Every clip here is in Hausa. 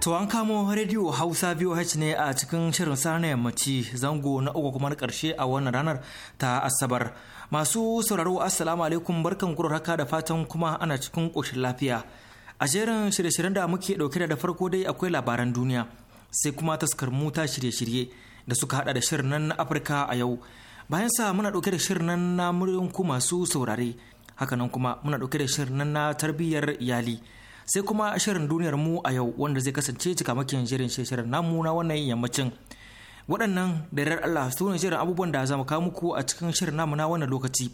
To an kamo rediyo Hausa VOH ne a cikin shirin sana na yammaci zango na uku kuma na karshe a wannan ranar ta Asabar. Masu sauraro Assalamu alaikum barkan kurar haka da fatan kuma ana cikin ƙoshin lafiya. A jerin shirye-shiryen da muke ɗauke da farko dai akwai labaran duniya sai kuma taskar muta shirye-shirye da suka hada da shirin nan na Afirka a yau. Bayan sa muna ɗauke da shirin nan na muryoyin masu saurare. Hakanan kuma muna ɗauke da shirin nan na tarbiyyar iyali. sai kuma shirin duniyar mu a yau wanda zai kasance cikamakin shirin shirin namu na wannan yammacin waɗannan da yarar Allah su ne shirin abubuwan da za mu kawo muku a cikin shirin namu na wannan lokaci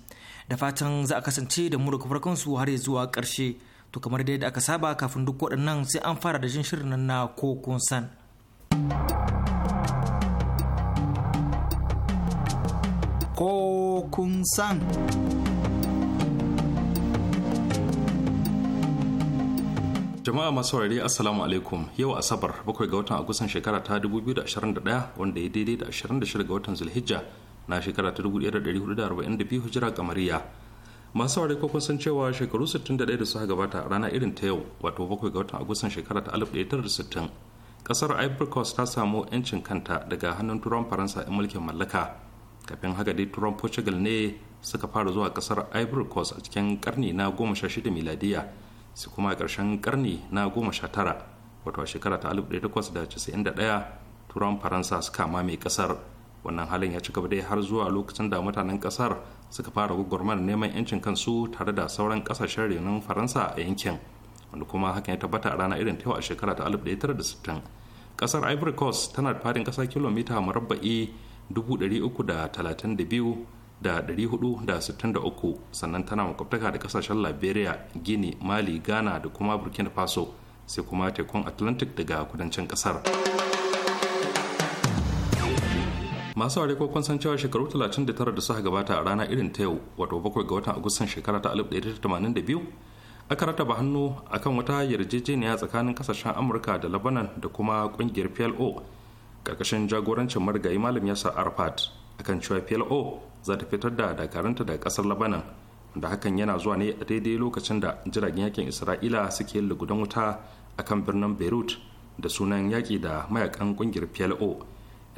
da fatan za a kasance da mu daga farkon su har zuwa ƙarshe to kamar dai da aka saba kafin duk waɗannan sai an fara da jin shirin nan na ko kun san ko kun san jama'a masu saurari assalamu alaikum yau asabar bakwai ga watan Agustan shekara ta 2021 wanda ya daidai da 26 ga watan zulhijja na shekara ta 1442 hijira kamariya masu saurari ko san cewa shekaru 61 da suka gabata rana irin ta yau wato bakwai ga watan Agustan shekara ta 1960 kasar ivory coast ta samu yancin kanta daga hannun turan faransa 'yan mulkin mallaka kafin haka dai turan portugal ne suka fara zuwa kasar ivory coast a cikin karni na 16 miladiya su kuma a ƙarshen ƙarni na goma sha tara wato a shekara ta alif ɗaya turan faransa suka mame ƙasar wannan halin ya ci gaba dai har zuwa lokacin da mutanen ƙasar suka fara gwagwarmar neman 'yancin kansu tare da sauran ƙasashen renon faransa a yankin wanda kuma hakan ya tabbata a rana irin ta a shekara ta alif ɗaya da tara sittin ƙasar ivory coast tana da faɗin ƙasa kilomita murabba'i biyu. da 463 sannan tana makwabtaka da kasashen liberia gini mali ghana da kuma burkina faso sai kuma tekun atlantic daga kudancin kasar masu ware ko san cewa shekaru 39 da suka gabata a rana irin ta yau wato bakwai ga watan agustan shekara ta 1982 aka rataba hannu akan wata yarjejeniya tsakanin kasashen amurka da labanan da kuma kungiyar plo karkashin jagorancin marigayi malam yasa arfat akan cewa plo za ta fitar da dakaranta daga kasar labanan da hakan yana zuwa ne a daidai lokacin da jiragen yakin isra'ila suke yin lugudan wuta a kan birnin beirut da sunan yaƙi da mayakan ƙungiyar plo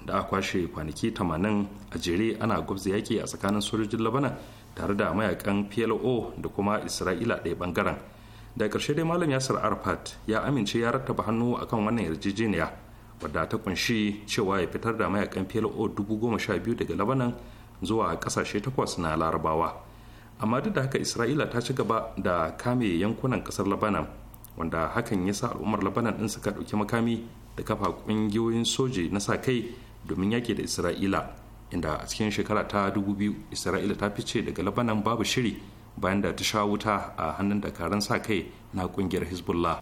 da aka kwashe kwanaki tamanin a jere ana gwabza yaƙi a tsakanin sojojin labanan tare da mayakan plo da kuma isra'ila ɗaya ɓangaren da ƙarshe dai malam yasir arfat ya amince ya rattaba hannu akan wannan yarjejeniya wadda ta kunshi cewa ya fitar da mayakan plo dubu goma sha biyu daga labanan zuwa kasashe takwas na larabawa amma duk da haka isra'ila ta ci gaba da kame yankunan kasar labanan wanda hakan ya sa al'ummar labanan ɗin suka ɗauki makami da kafa ƙungiyoyin soji na sa kai domin yaƙi da isra'ila inda a cikin shekara ta dubu biyu isra'ila ta fice daga labanan babu shiri bayan da ta sha wuta a hannun dakarun sa kai na ƙungiyar hezbollah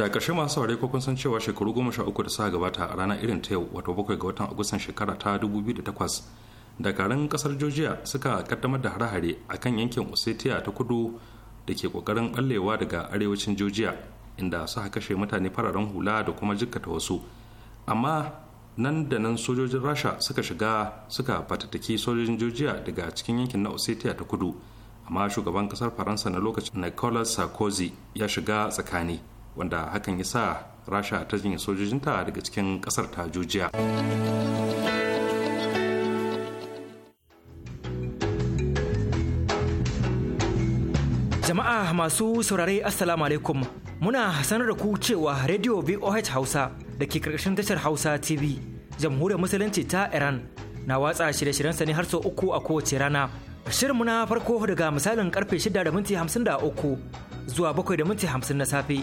da ƙarshe masu saurare ko kun san cewa shekaru goma sha uku da suka gabata a ranar irin ta yau wato bakwai ga watan agustan shekara ta dubu da 2008 dakarun kasar georgia suka kaddamar da hare-hare a kan yankin osetia ta kudu da ke kokarin ɓallewa daga arewacin georgia inda suka kashe mutane fararen hula da kuma jikkata wasu amma nan da nan sojojin rasha suka shiga suka fatattaki sojojin georgia daga cikin yankin na osetia ta kudu amma shugaban kasar faransa na lokacin nicolas sarkozy ya shiga tsakani wanda hakan ya sa rasha ta jinya sojojinta daga cikin kasar ta jujiya jama'a masu saurare assalamu alaikum muna sanar da ku cewa radio voh hausa da ke karkashin tashar hausa tv jamhuriyar musulunci ta iran na watsa shirye-shiryensa ne har sau uku a kowace rana shirinmu na farko daga misalin karfe shida da zuwa bakwai da minti na safe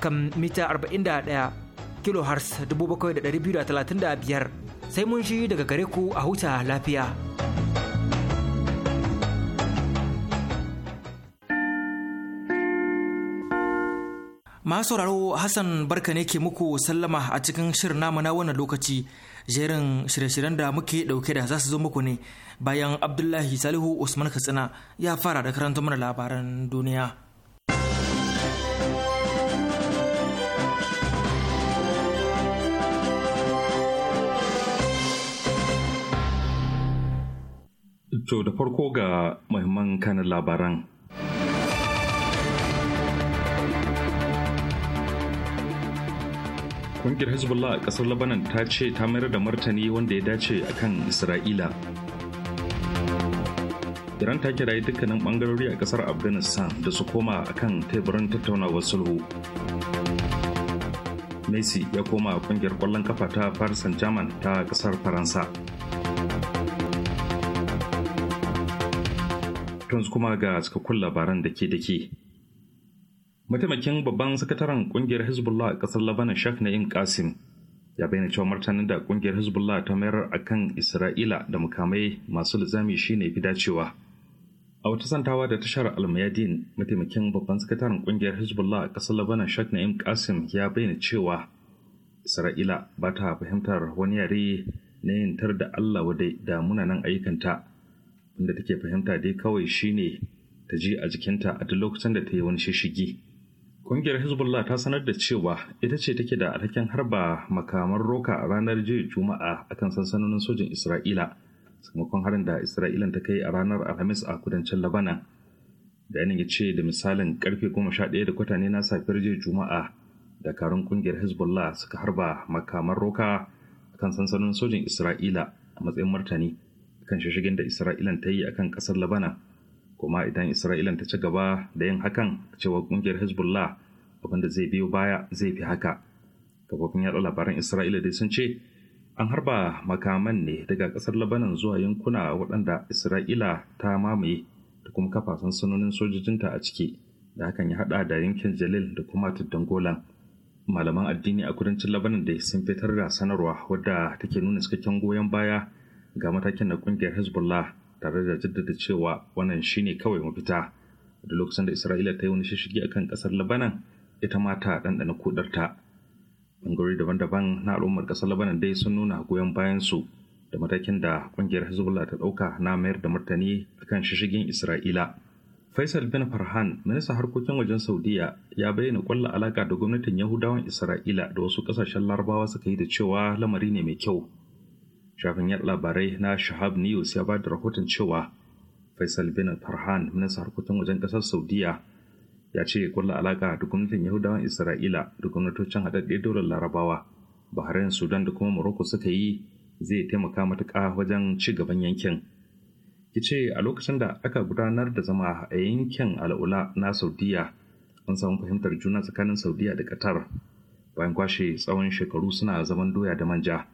kan mita 41 kilohertz 7,235 sai mun shi daga gare ku a huta lafiya. Masu sauraro Hassan barka ne ke muku sallama a cikin shirin namu na wannan lokaci jerin shirye-shiryen da muke dauke da za su zo muku ne bayan Abdullahi Salihu Usman Katsina ya fara da karanta mana labaran duniya. To da farko ga muhimman kanin labaran. Kungiyar Hezbollah a ƙasar Lebanon ta ce ta mayar da martani wanda ya dace a kan Isra'ila. Iran ta kiraye dukkanin ɓangarori a ƙasar Afghanistan da su koma a kan teburin tattaunawar sulhu. Messi ya koma a kungiyar ƙwallon kafa ta Paris Saint-Germain ta ƙasar Faransa. tun kuma ga cikakkun labaran da ke dake. Mataimakin babban sakataren ƙungiyar Hezbollah a ƙasar Labanan Shak Na'im Qasim ya bayyana cewa martanin da kungiyar Hezbollah ta mayar a kan Isra'ila da mukamai masu lizami shine fi dacewa. A wata santawa da tashar Almayadin, mataimakin babban sakataren ƙungiyar Hezbollah a ƙasar Lebanon na Na'im Qasim ya bayyana cewa Isra'ila ba ta fahimtar wani yare na yin tar da Allah wadai da munanan ayyukanta inda take fahimta dai kawai shine ta ji a jikinta a duk lokacin da ta yi wani shishigi Ƙungiyar Hezbollah ta sanar da cewa ita ce take da alhakin harba makaman roka a ranar jiya Juma'a akan sansanonin sojin Isra'ila sakamakon harin da Isra'ilan ta kai a ranar Alhamis a kudancin Labanan. Bayanin ya ce da misalin karfe ɗaya da kwatane na safiyar jiya Juma'a dakarun ƙungiyar Hezbollah suka harba makaman roka akan sansanonin sojin Isra'ila a matsayin martani. kan shishigin da isra'ilan ta yi akan ƙasar labanan kuma idan isra'ilan ta ci gaba da yin hakan cewa ƙungiyar hezbollah da zai biyo baya zai fi haka kafofin yaɗa labaran isra'ila dai sun ce an harba makaman ne daga ƙasar labanan zuwa yankuna waɗanda isra'ila ta mamaye da kuma kafafen sanonin sojojinta a ciki da hakan ya haɗa da yankin jalil da kuma tuddan malaman addini a kudancin labanan dai sun fitar da sanarwa wadda take nuna cikakken goyon baya ga matakin da kungiyar hezbollah tare da jaddada cewa wannan shine kawai mafita da lokacin da isra'ila ta yi wani shishigi a kan kasar labanan ita ma ta ɗanɗana kudarta bangarori daban-daban na al'ummar kasar labanan dai sun nuna goyon bayan su da matakin da kungiyar hezbollah ta ɗauka na mayar da martani kan shishigin isra'ila faisal bin farhan ministan harkokin wajen saudiya ya bayyana kwalla alaka da gwamnatin yahudawan isra'ila da wasu ƙasashen larabawa suka yi da cewa lamari ne mai kyau shafin yadda labarai na shahab news ya ba da rahoton cewa faisal bin farhan ministan harkokin wajen ƙasar saudiya ya ce kulla alaka da gwamnatin yahudawan isra'ila da gwamnatocin haɗaɗɗe daular larabawa bahrain sudan da kuma morocco suka yi zai taimaka matuƙa wajen ci gaban yankin ya ce a lokacin da aka gudanar da zama a yankin al'ula na saudiya an samu fahimtar juna tsakanin saudiya da qatar bayan kwashe tsawon shekaru suna zaman doya da manja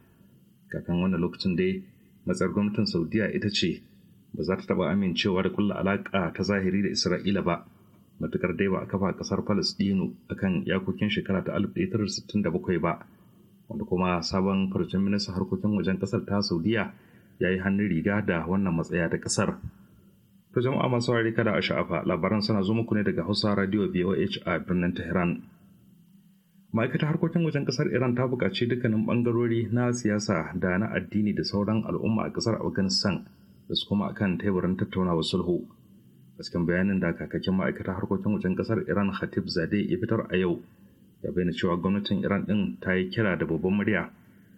kafin wannan lokacin dai matsar gwamnatin saudiya ita ce ba za ta taɓa amincewa da kulla alaƙa ta zahiri da isra'ila ba matukar dai ba a kafa ƙasar palestino akan iyakokin shekara ta 1967 ba wanda kuma sabon farcen minista harkokin wajen ƙasar ta saudiya ya yi hannun riga da wannan matsaya ta ƙasar ta jama'a masu kada a sha'afa labaran suna zo muku ne daga hausa radio voh a birnin tehran ma'aikatar harkokin wajen kasar iran ta buƙaci dukkanin ɓangarori na siyasa da na addini da sauran al'umma a kasar afghanistan da su kuma akan teburin tattaunawa sulhu gasken bayanin da kakakin ma'aikatar harkokin wajen kasar iran khatib zade ya fitar a yau ya bayyana cewa gwamnatin iran din ta yi kira da babban murya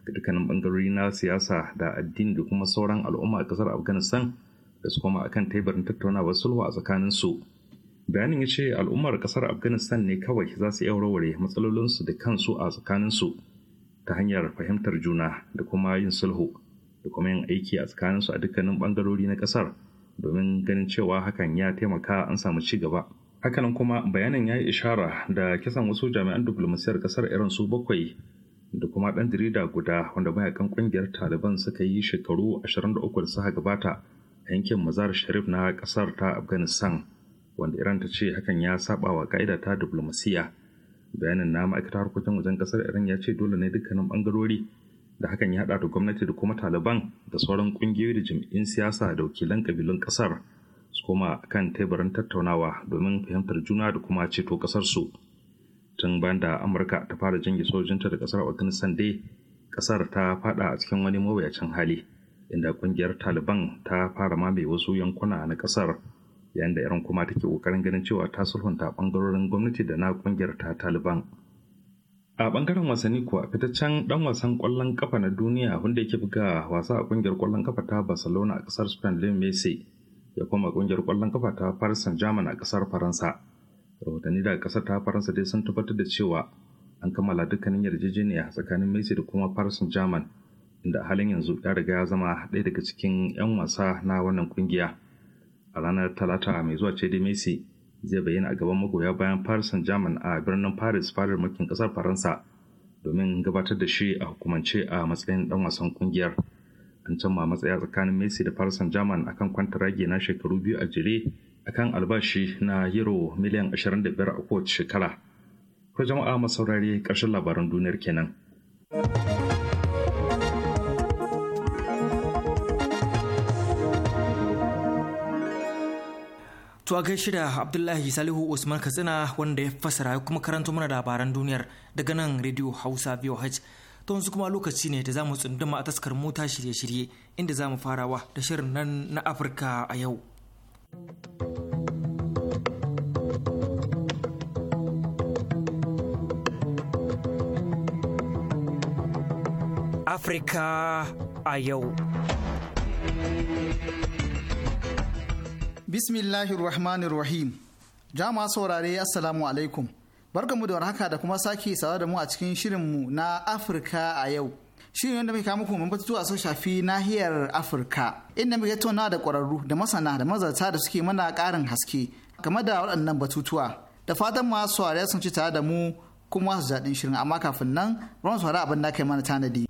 ga dukkanin bangarori na siyasa da addini da kuma sauran al'umma a kasar afghanistan da su kuma akan teburin tattaunawar sulhu a tsakanin su bayanin ya ce al'ummar kasar afghanistan ne kawai za su iya warware matsalolinsu da kansu a tsakaninsu ta hanyar fahimtar juna da kuma yin sulhu da kuma yin aiki a tsakaninsu a dukkanin bangarori na kasar domin ganin cewa hakan ya taimaka an samu ci gaba hakanan kuma bayanin ya yi ishara da kisan wasu jami'an diplomasiyar kasar irin su bakwai da kuma ɗan jarida guda wanda mayakan ƙungiyar taliban suka yi shekaru 23 da suka gabata a yankin mazar sharif na ƙasar ta afghanistan wanda iran ta ce hakan ya saba wa ka'ida ta diplomasiya bayanin na ma'aikatar harkokin wajen ƙasar iran ya ce dole ne dukkanin bangarori da hakan ya haɗa da gwamnati da kuma taliban da sauran ƙungiyoyi da jami'in siyasa da wakilan kabilun ƙasar su koma kan teburin tattaunawa domin fahimtar juna da kuma ceto kasar su tun bayan da amurka ta fara janye sojojinta da kasar afghanistan dai ƙasar ta faɗa a cikin wani mawuyacin hali inda ƙungiyar taliban ta fara mamaye wasu yankuna na ƙasar yayin da iran kuma take kokarin ganin cewa ta sulhunta bangarorin gwamnati da na kungiyar ta taliban a bangaren wasanni kuwa fitaccen ɗan wasan kwallon kafa na duniya wanda yake buga wasa a ƙungiyar kwallon kafa ta barcelona a kasar spain lin messi ya koma ƙungiyar kwallon kafa ta paris saint germain a kasar faransa rahotanni daga kasar ta faransa dai sun tabbatar da cewa an kammala dukkanin yarjejeniya tsakanin messi da kuma paris saint germain inda halin yanzu ya riga ya zama ɗaya daga cikin 'yan wasa na wannan kungiya. a ranar talata mai zuwa ce messi zai bayyana a gaban magoya bayan paris saint germain a birnin paris fadar mulkin kasar faransa domin gabatar da shi a hukumance a matsayin dan wasan kungiyar an canma matsaya tsakanin messi da paris saint germain akan rage na shekaru biyu a jere akan albashi na euro miliyan 25 a kowace shekara ko jama'a masaurare ƙarshen labaran duniyar kenan. To a gaishe da Abdullahi Salihu Usman Katsina wanda ya fassara ya kuma karanto mana labaran duniyar daga nan Radio Hausa VOH. To yanzu kuma lokaci ne da zamu tsunduma a taskar mota shirye-shirye inda zamu farawa da shirin nan na Afirka a yau. Afirka a yau. Bismillahirrahmanirrahim. masu saurare Assalamu alaikum. mu da warhaka da kuma sake sawa da mu a cikin shirin mu na Afirka a yau. Shirin yadda muke muku mu batutu a shafi nahiyar Afirka. Inda muke tona da ƙwararru da masana da mazarta da suke mana ƙarin haske game da waɗannan batutuwa. Da fatan ma saurare sun ci tare da mu kuma su daɗin shirin amma kafin nan ran saurare abin da kai mana tanadi.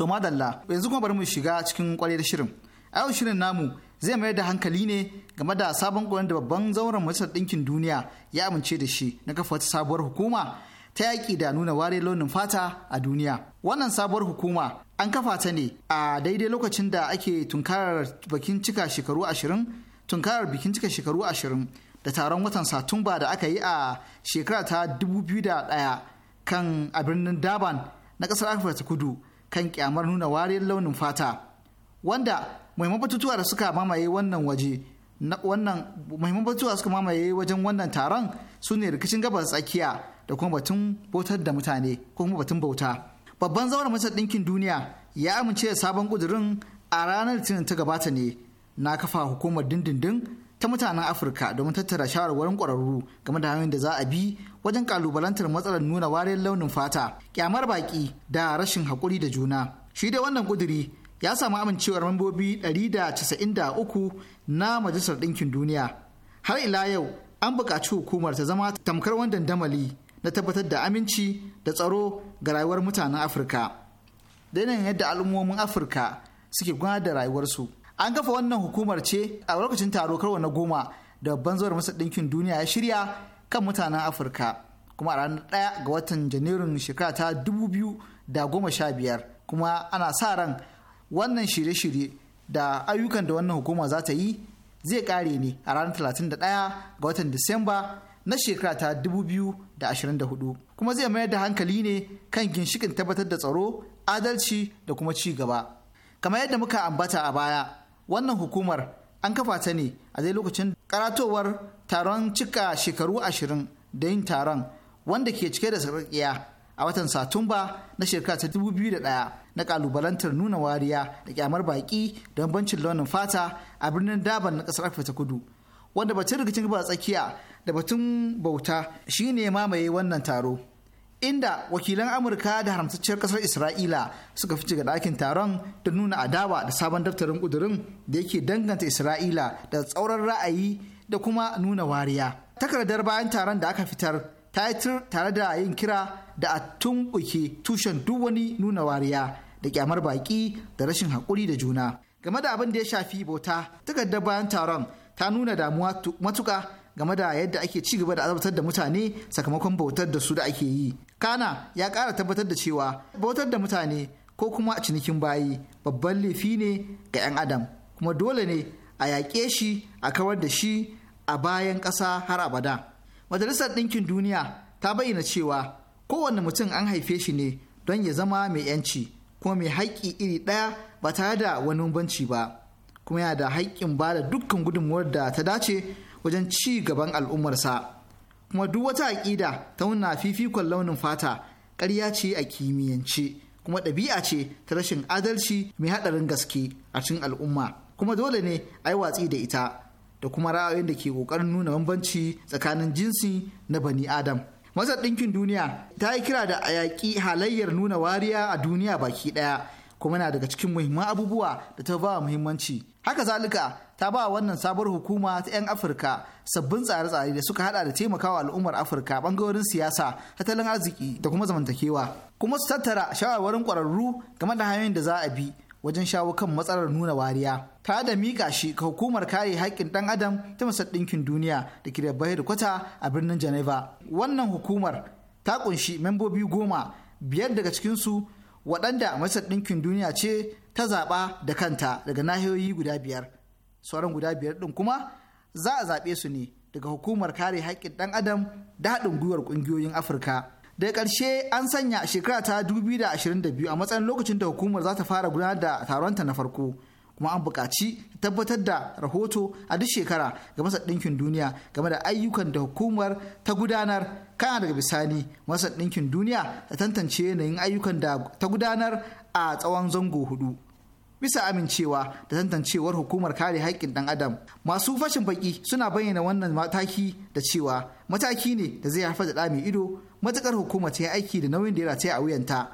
To madalla yanzu kuma bari mu shiga cikin da shirin. A yau shirin namu zai mayar da hankali ne game da sabon koyon da babban zauren majalisar ɗinkin duniya ya amince da shi na kafa wata sabuwar hukuma ta yaki da nuna ware launin fata a duniya. Wannan sabuwar hukuma an kafa ta ne a daidai lokacin da ake tunkarar bikin cika shekaru ashirin tunkarar bikin cika shekaru ashirin da taron watan satumba da aka yi a shekara ta da ɗaya kan a birnin daban na ƙasar afirka ta kudu kan kyamar nuna wariyar launin fata wanda muhimman batutuwa da suka mamaye wannan waje wajen wannan taron su ne rikicin gabas tsakiya da kuma batun bautar da mutane ko kuma batun bauta babban zauren majalisar ɗinkin duniya ya amince da sabon ƙudurin a ranar litinin ta gabata ne na kafa hukumar dindindin ta mutanen afirka domin tattara shawarwarin ƙwararru game da hanyoyin da za a bi wajen kalubalantar matsalar nuna wariyar launin fata kyamar baki da rashin haƙuri da juna shi dai wannan kuduri, ya samu amincewar mambobi 193 na majalisar ɗinkin duniya har ila yau an buƙaci hukumar ta zama tamkar wandan damali na tabbatar da aminci da tsaro ga rayuwar mutanen afirka da yadda al'ummomin afirka suke gudanar da rayuwarsu an kafa wannan hukumar ce a lokacin taro karwa na goma da babban zuwar masa ɗinkin duniya ya shirya kan mutanen afirka kuma a ranar ɗaya ga watan janairun shekara ta dubu biyu da goma sha biyar kuma ana sa ran wannan shirye-shirye da ayyukan da wannan hukuma za ta yi zai kare ne a ranar talatin da ɗaya ga watan disamba na shekara ta dubu biyu da ashirin da hudu kuma zai mayar da hankali ne kan ginshikin tabbatar da tsaro adalci da kuma ci gaba kamar yadda muka ambata a baya wannan hukumar an kafa ta ne a zai lokacin karatowar taron cika shekaru ashirin da yin taron wanda ke cike da sarakiya a watan satumba na shekara ta 2001 na kalubalantar nuna wariya da kyamar baƙi don bancin launin fata a birnin daban na ƙasar afirka ta kudu wanda batun rikicin gaba tsakiya da batun bauta shine mamaye wannan taro inda wakilan amurka da haramtacciyar kasar isra'ila suka fice ga ɗakin taron da nuna adawa da sabon daftarin ƙudurin da yake danganta isra'ila da tsauran ra'ayi da kuma nuna wariya takardar bayan taron da aka fitar ta yi tare da yin kira da a tumɓuke tushen duk wani nuna wariya da kyamar baƙi da rashin haƙuri da juna game da abin da ya shafi bauta takardar bayan taron ta nuna damuwa matuƙa game da yadda ake ci gaba da azabtar da mutane sakamakon bautar da su da ake yi. Kana ya ƙara tabbatar da cewa bautar da mutane ko kuma a cinikin bayi babban laifi ne ga 'yan adam kuma dole ne a yaƙe shi a kawar da shi a bayan ƙasa har abada. Majalisar Ɗinkin Duniya ta bayyana cewa kowane mutum an haife shi ne don ya zama mai 'yanci kuma mai haƙƙi iri ɗaya ba tare da wani banci ba kuma yana da haƙƙin ba da dukkan gudunmuwar da ta dace wajen ci gaban al'ummarsa kuma duk wata aƙida ta wuna fifikon launin fata ƙarya ce a kimiyyance kuma ɗabi'a ce ta rashin adalci mai haɗarin gaske a cikin al'umma kuma dole ne a yi watsi da ita da kuma ra'ayoyin da ke ƙoƙarin nuna bambanci tsakanin jinsi na bani adam Masar ɗinkin duniya ta yi kira da a yaƙi halayyar nuna wariya a duniya baki ɗaya kuma na daga cikin muhimman abubuwa da ta ba muhimmanci haka zalika ta ba wannan sabuwar hukuma ta 'yan afirka sabbin tsare-tsare da suka hada da taimakawa al'ummar afirka bangarorin siyasa tattalin arziki da kuma zamantakewa kuma su tattara shawarwarin kwararru game da hanyoyin da za a bi wajen shawo kan matsalar nuna wariya ta da mika shi ga hukumar kare haƙƙin ɗan adam ta masar ɗinkin duniya da ke da da kwata a birnin geneva wannan hukumar ta kunshi membobi goma biyar daga cikinsu waɗanda masar ɗinkin duniya ce ta zaɓa da kanta daga nahiyoyi guda biyar sauran guda biyar ɗin kuma za a zaɓe su ne daga hukumar kare haƙƙin ɗan adam da haɗin gwiwar ƙungiyoyin afirka daga ƙarshe an sanya shekara ta 2022 a matsayin lokacin da hukumar za ta fara gudanar da taronta na farko kuma an buƙaci tabbatar da rahoto a duk shekara ga masar ɗinkin duniya game da ayyukan da hukumar ta gudanar kana daga bisani masar ɗinkin duniya ta tantance yanayin ayyukan da ta gudanar a tsawon zango hudu bisa amincewa da tantancewar hukumar kare haƙƙin ɗan adam masu fashin baki suna bayyana wannan mataki da cewa mataki ne da zai haifar da mai ido matuƙar hukuma ta yi aiki da nauyin da ya rataya a wuyanta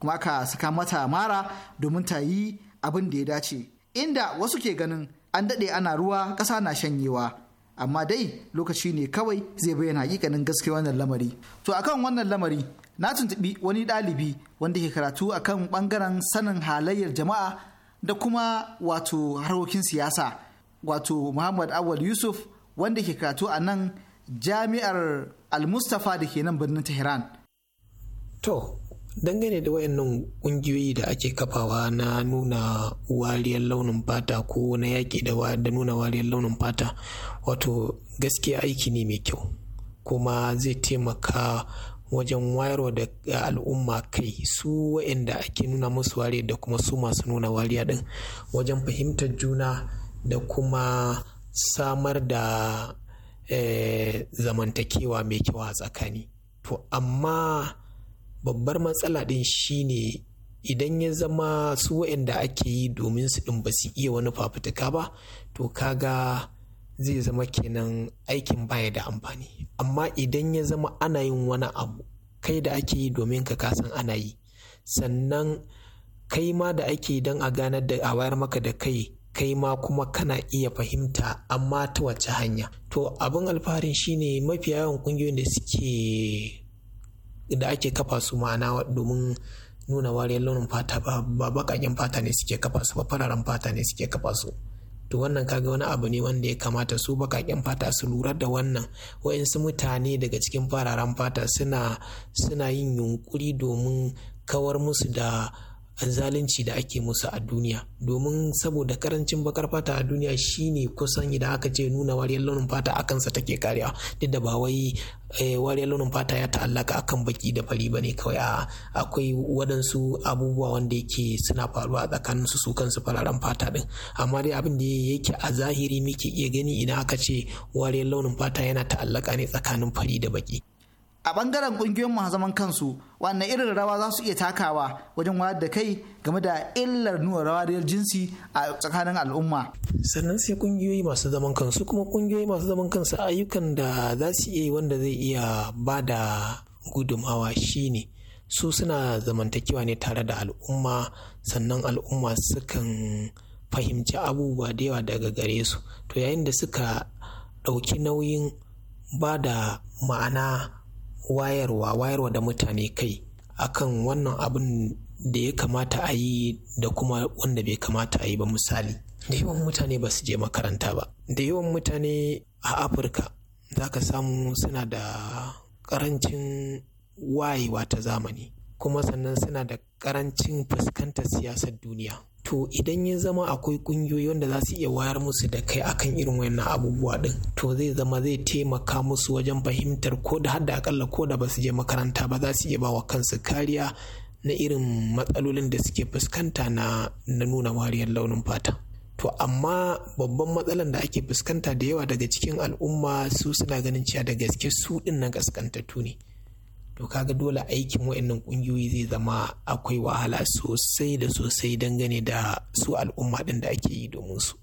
kuma aka saka mata mara domin ta yi abin da ya dace inda wasu ke ganin an daɗe ana ruwa ƙasa na shanyewa amma dai lokaci ne kawai zai bayyana hakikanin gaske wannan lamari to akan wannan lamari na tuntubi wani ɗalibi wanda ke karatu akan ɓangaren sanin halayyar jama'a da kuma wato harkokin siyasa wato muhammad awal yusuf wanda ke karatu a nan jami'ar al mustafa da ke nan birnin tehran to dangane da wayannan kungiyoyi da ake kafawa na nuna wariyar launin fata ko na yaƙi da nuna wariyar launin fata wato gaskiya aiki ne mai kyau kuma zai taimaka wajen wayarwa da al'umma kai su wayanda ake nuna musu wariya da kuma su masu nuna wariya din wajen fahimtar juna da kuma samar da eh, zamantakewa mai kyau a tsakani to amma babbar matsala ɗin shine idan ya zama su da ake yi domin su ɗin ba su iya wani fafutuka ba to kaga zai zama kenan aikin baya da amfani amma idan ya zama ana yin wani abu kai da ake yi domin ka kasan ana yi sannan kai ma da ake don a ganar da a wayar maka da kai kai ma kuma kana iya fahimta amma ta wace hanya to abin alfaharin shine mafi yawan kungiyoyin da suke da ake kafa su ma'ana domin nuna wariyar launin fata ba baƙaƙen fata ne suke kafa su ba fararen fata ne suke kafa su to wannan kaga wani abu ne wanda ya kamata su baƙaƙen fata su lura da wannan wa'insu mutane daga cikin fararen fata suna suna yin yunkuri domin kawar musu da zalunci da ake musu a duniya domin saboda karancin bakar fata a duniya shine kusan idan aka ce nuna wariyar launin fata a kansa take kariya duk da ba wai eh, wariyar launin fata ya ta'allaka akan baki da fari bane kawai a akwai waɗansu abubuwa wanda yake suna faruwa tsakanin su su kansu fararen fata din amma dai abin da yake a zahiri muke iya gani idan aka ce wariyar launin fata yana ta'allaka ne tsakanin fari da baki a bangaren kungiyoyin masu zaman kansu wannan irin rawa za su iya takawa wajen wayar da kai game da illar nuna rawariyar jinsi a tsakanin al'umma sannan sai kungiyoyi masu zaman kansu kuma kungiyoyi masu zaman kansu ayyukan da za su iya wanda zai iya ba da gudumawa shine su suna zamantakewa ne tare da al'umma sannan al'umma sukan fahimci abubuwa da yawa daga gare su to yayin da suka ɗauki nauyin ba da ma'ana wayarwa wayarwa da mutane kai akan wannan abin da ya kamata a yi da kuma wanda bai kamata a yi ba misali da yawan mutane ba su je makaranta ba da yawan mutane a afirka za ka samu suna da karancin wayewa ta zamani kuma sannan suna da karancin fuskantar siyasar duniya to idan ya zama akwai ƙungiyoyi wanda za su iya wayar musu da kai akan irin wayannan abubuwa din to zai zama zai taimaka musu wajen fahimtar ko da hadda akalla ko da ba su je makaranta ba za su iya bawa kansu kariya na irin matsalolin da suke fuskanta na nuna wariyar launin fata to amma babban matsalan da ake fuskanta da yawa daga cikin al'umma su suna ganin cewa da gaske su ɗin nan ne to kaga dole aikin wa'annan kungiyoyi zai zama akwai wahala sosai da sosai dangane da su al'umma din da ake yi domin su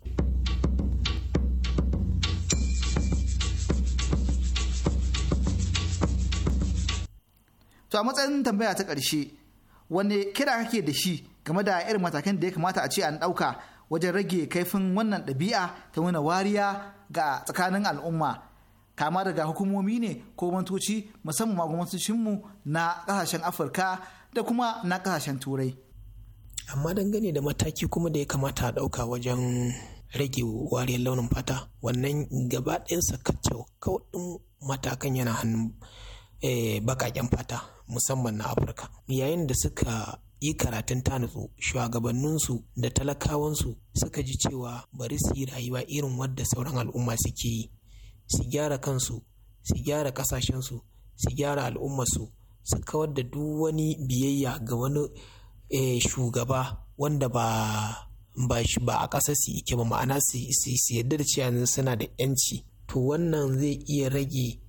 to a matsayin tambaya ta ƙarshe wane kira kake da shi game da irin matakan da ya kamata a ce an ɗauka wajen rage kaifin wannan ɗabi'a ta nuna wariya ga tsakanin al'umma kama daga hukumomi ne ko mantoci musamman ma gwamnatocinmu na kasashen afirka da kuma na kasashen turai amma dangane da mataki kuma da ya kamata a ɗauka wajen rage wariyar launin fata wannan gaba ɗayansa kacau kawai matakan yana hannun eh, baƙaƙen fata musamman na afirka yayin da suka yi karatun tanatsu shugabanninsu da talakawansu suka ji cewa bari su yi rayuwa irin wadda sauran al'umma suke yi su gyara kansu su gyara ƙasashensu su gyara al'ummarsu su kawar da duk wani biyayya ga wani eh, shugaba wanda ba ba shi ba a ƙasa su yake ba ma'ana su yadda da cewa suna da yanci to wannan zai iya rage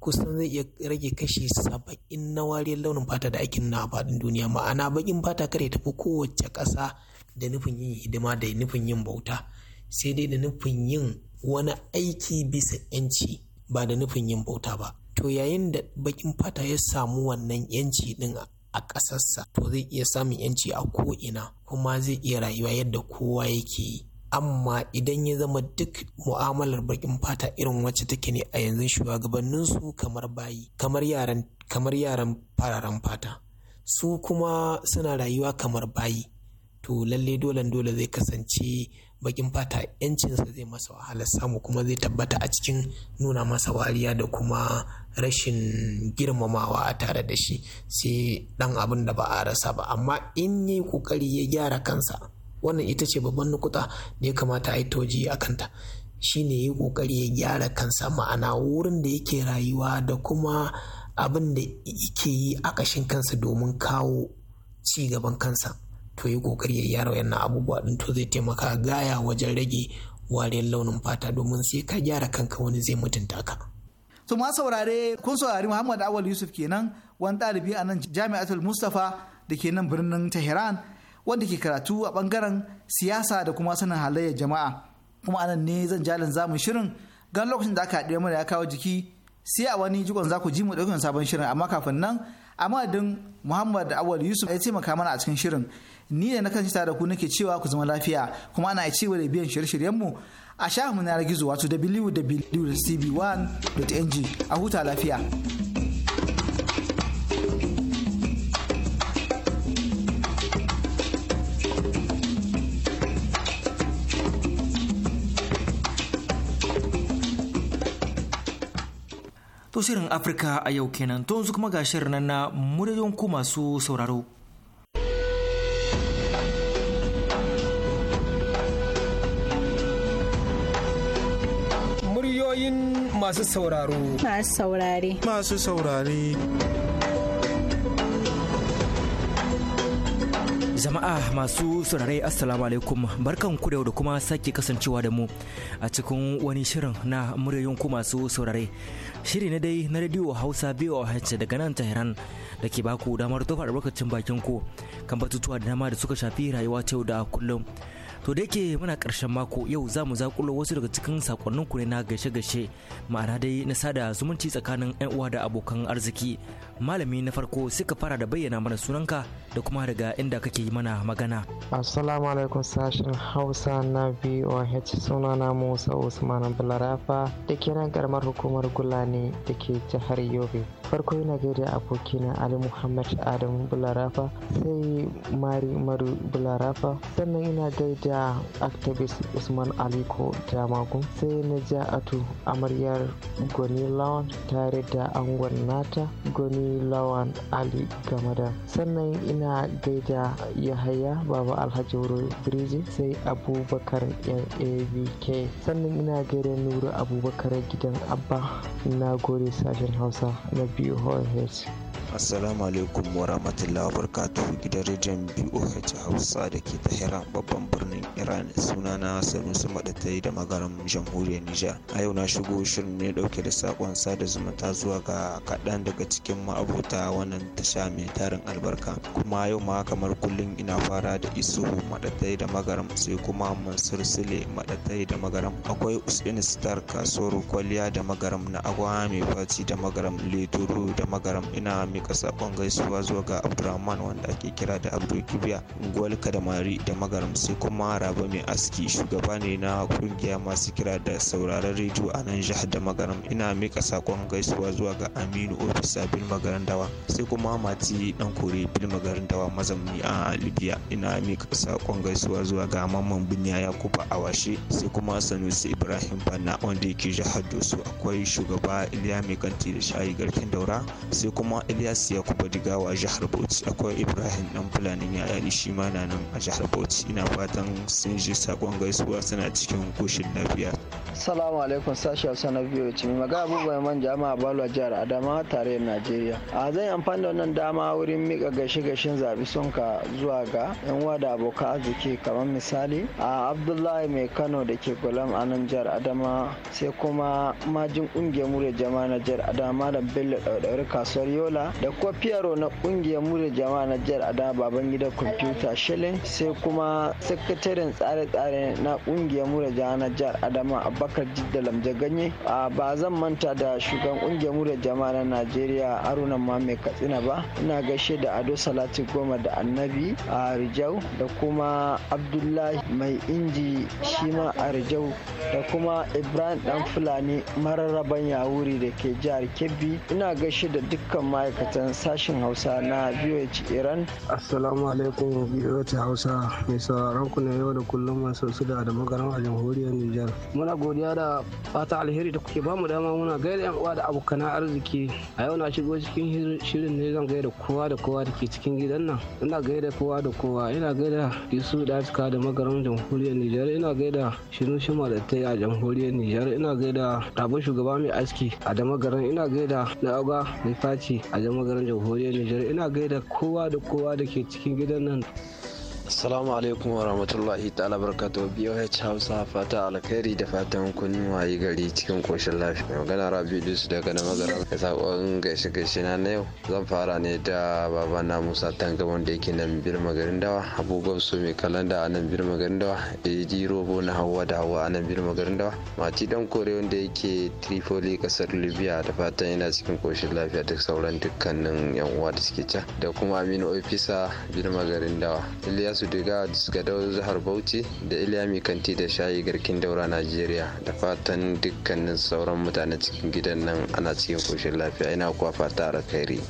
kusan zai iya rage kashi saba'in na wariyar launin fata da aikin na faɗin duniya ma'ana bakin fata kare tafi kowace ƙasa da nufin yin hidima da nufin yin bauta sai dai da nufin yin wani aiki bisa yanci ba da nufin yin bauta ba to yayin da bakin fata ya samu wannan yanci din a ƙasarsa to zai iya samun yanci a ko'ina kuma zai iya rayuwa yadda kowa yake yi amma idan ya zama duk mu'amalar bakin fata irin wacce take ne a yanzu shugabanninsu kamar bayi kamar yaran fararen fata su kuma suna rayuwa kamar bayi to lalle dole dole zai kasance bakin fata sa zai masa wahala samu kuma zai tabbata a cikin nuna masa wariya da kuma rashin girmamawa a tare da shi sai dan abin da ba a rasa ba amma in yi kokari ya gyara kansa wannan ita ce babban nukuta da ya kamata a yi toji a kanta shine ya kokari ya gyara kansa ma'ana wurin da yake rayuwa da kuma abin da yake yi a ƙashin kansa domin kawo ci gaban kansa to yi kokari ya gyara wayannan abubuwa din to zai taimaka gaya wajen rage wariyar launin fata domin sai ka gyara kanka wani zai mutunta ka to ma saurare kun saurari Muhammad Awal Yusuf kenan wani ɗalibi a nan Jami'atul Mustafa da ke nan birnin Tehran wanda ke karatu a bangaren siyasa da kuma sanin halayyar jama'a kuma anan ne zan jalin zamu shirin gan lokacin da aka haɗe mana ya kawo jiki sai a wani jikon za ku ji mu ɗaukin sabon shirin amma kafin nan a madadin Muhammad Awal Yusuf ya taimaka mana a cikin shirin ni da na kan tare da ku nake cewa ku zama lafiya kuma ana cewa da biyan shirye-shiryenmu a shafinmu na gizo wato www.cb1.ng a huta lafiya. To shirin Afirka a yau kenan, to yanzu kuma ga shirin na muryoyin ku masu sauraro. masu sauraro. Masu saurare. Masu saurare. jama'a masu saurare assalamu alaikum barkan ku da yau da kuma sake kasancewa da mu a cikin wani shirin na muryoyin ku masu saurare shiri na dai na radio hausa a boh daga nan tehran da ke baku damar tofa albarkacin bakin ku kan batutuwa da dama da suka shafi rayuwa ta yau da kullum to da yake muna karshen mako yau za mu zakulo wasu daga cikin sakonnin ku ne na gaishe gashe ma'ana dai na sada zumunci tsakanin 'yan uwa da abokan arziki malami na farko suka fara da bayyana mana sunanka da kuma daga inda kake yi mana magana assalamu alaikum sashen hausa na voh sunana musa usman bularafa da ke nan karamar hukumar gulani da ke jihar yobe farko yana gaida abokina ali muhammad adamu bularafa sai mari madu bularafa sannan ina gaida activist usman aliko jamagun sai na atu amaryar gwani lawan tare da angon nata gwani lawan ali gamada sannan ina gaida yahaya baba alhaji wuro birji sai abubakar yan abk sannan ina gaida nuru abubakar gidan abba na gode sashen hausa na biyu BOH. Assalamu alaikum warahmatullahi wabarakatuh gidan rediyon BOH Hausa da ke tahiran babban birnin Iran sunana Sanusi Madatai da magaran jamhuriyar Nijar. A yau na shigo shirin ne dauke da sakon sada zumunta zuwa ga kaɗan daga cikin ma'abota wannan tasha mai tarin albarka. Kuma yau ma kamar kullum ina fara da isu Madatai da magaram sai kuma Mansur Sule Madatai da magaram. Akwai Usaini Star kasuwar kwaliya da magaram na agwa mai faci da magaram Leto Shehu da Magaram ina mika sakon gaisuwa zuwa ga Abdulrahman wanda ake kira da Abdul Kibiya Gwal Kadamari da Magaram sai kuma Rabe Mai Aski shugaba ne na kungiya masu kira da sauraron rediyo a nan jihar da Magaram ina mika sakon gaisuwa zuwa ga Aminu Ofisa Bil Magaran Dawa sai kuma Mati Dankore Bil Magaran Dawa mazauni a Libya ina mika sakon gaisuwa zuwa ga Mamman binya Yakuba Awashe sai kuma Sanusi Ibrahim Banna wanda yake jihar Doso akwai shugaba Iliya Mai Kanti da Shayi Garkin dawa. daura sai kuma ilyas yakubu digawa a jihar bauchi akwai ibrahim dan fulani ya yali shi ma na nan a jihar bauchi ina fatan sun ji sakon gaisuwa suna cikin koshin lafiya Salamu alaikum sashi Hausa na biyu mai magana abubuwan man jama'a Balo jihar adama tarayyar Najeriya. A zan amfani da wannan dama wurin mika gashi gashin zabi sunka zuwa ga yan wa da abokan arziki kamar misali a Abdullahi mai Kano da ke gulam a nan jihar Adama sai kuma majin kungiyar mure jama'a na jihar Adama da Bello Daudauri kasuwar Yola da kuma Piero na kungiyar mure jama'a na jihar Adama baban gida kwamfuta Shilin sai kuma sakataren tsare-tsare na kungiyar mure jama'a na jihar Adama. abubakar jidda lamja ganye ba zan manta da shugaban kungiyar murar jama'a na najeriya haruna mai katsina ba ina gaishe da ado Salatu goma da annabi a rijau da kuma abdullahi mai inji shi a rijau da kuma ibrahim dan fulani mararraban yawuri da ke jihar kebbi ina gaishe da dukkan ma'aikatan sashen hausa na voh iran assalamu alaikum voh hausa mai sauraron ku na yau da kullum masu su da da magaran a jamhuriyar nijar muna godiya da fata alheri da kuke bamu dama muna gaida yan uwa da abokan arziki a yau na shigo cikin shirin ne zan gaida kowa da kowa da ke cikin gidan nan ina gaida kowa da kowa ina gaida yusu da cika da magaran jamhuriyar nijar ina gaida shinu shima da ta a jamhuriyar nijar ina gaida rabon shugaba mai aski a da magaran ina gaida na auga mai faci a da magaran jamhuriyar nijar ina gaida kowa da kowa da ke cikin gidan nan Assalamu alaikum wa rahmatullahi ta'ala barakatuhu BOH Hausa fata alkhairi da fatan kun wayi gari cikin koshin lafiya. Magana Rabi Dusu daga na mazara da sakon gaishe gaishe na na yau. Zan fara ne da baba na Musa Tanga wanda yake nan Birma garin Dawa, abubuwan su mai kalanda a nan Birma garin Dawa, AD Robo na hawa da hawa a nan Birma garin Dawa. Mati dan kore wanda yake Tripoli kasar Libya da fatan yana cikin koshin lafiya da sauran dukkanin yan uwa da suke can da kuma Aminu Ofisa Birma garin Dawa. su diga ga jihar bauchi da ilyami kanti da shayi garkin daura najeriya da fatan dukkanin sauran mutane cikin gidan nan ana cikin koshin lafiya ina kuwa fata alkhairi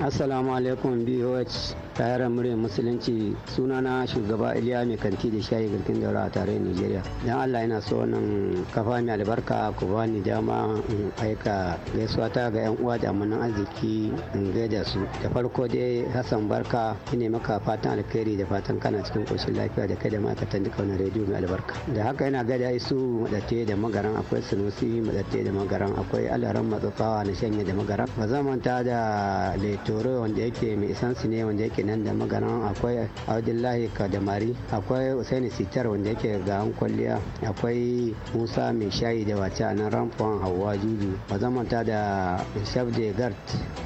assalamu alaikum boh tayar murya musulunci sunana shugaba iliya mai kanti da shayi garkin daura a tare nigeria Don allah yana so nan kafa mai albarka ku ba ni dama in aika gaisuwa ta ga yan uwa da amanan arziki in gaida su da farko dai hassan barka ne maka fatan alkhairi da fatan kana cikin koshin lafiya da kai da ma'aikatan duka wani rediyo mai albarka da haka yana gaida isu madatte da magaran akwai sunusi madatte da magaran akwai alaran matsatsawa na shanye da magaran ba manta da toro wanda yake mai isansu ne wanda yake nan da magaran akwai abdullahi kadamari akwai usaini sitar wanda yake ga 'an kwalliya akwai musa mai shayi da wace a nan ramfon hawa juju ba zamanta da chef de gart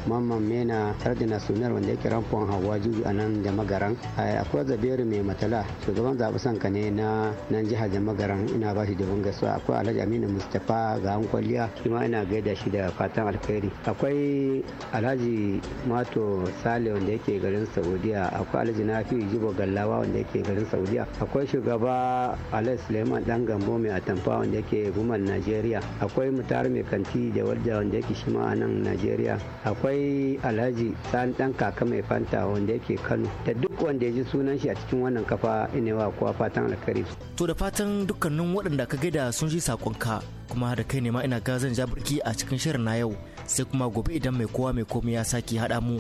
mamman mena sardina sunar wanda yake ramfon hawa juju a nan da magaran akwai zabiru mai matala shugaban zaɓi sanka ne na nan jihar da magaran ina ba shi dubin gaisuwa akwai alhaji aminu mustapha ga 'an kwalliya shi ma ina gaida shi da fatan alkhairi akwai alhaji mato sale wanda yake garin saudiya akwai alhaji nafi jibo gallawa wanda yake garin saudiya akwai shugaba alex suleiman dan gambo mai atamfa wanda yake guman nigeria akwai mutar mai kanti da wadda wanda yake shima a nan nigeria akwai alhaji sani dan kaka mai fanta wanda yake kano da duk wanda ya ji sunan shi a cikin wannan kafa inewa kuwa fatan alkhairi to da fatan dukkanin waɗanda ka gaida sun ji sakonka kuma da kai ne ma ina gazan jabirki a cikin shirin na yau sai kuma gobe idan mai kowa mai komai ya sake haɗa mu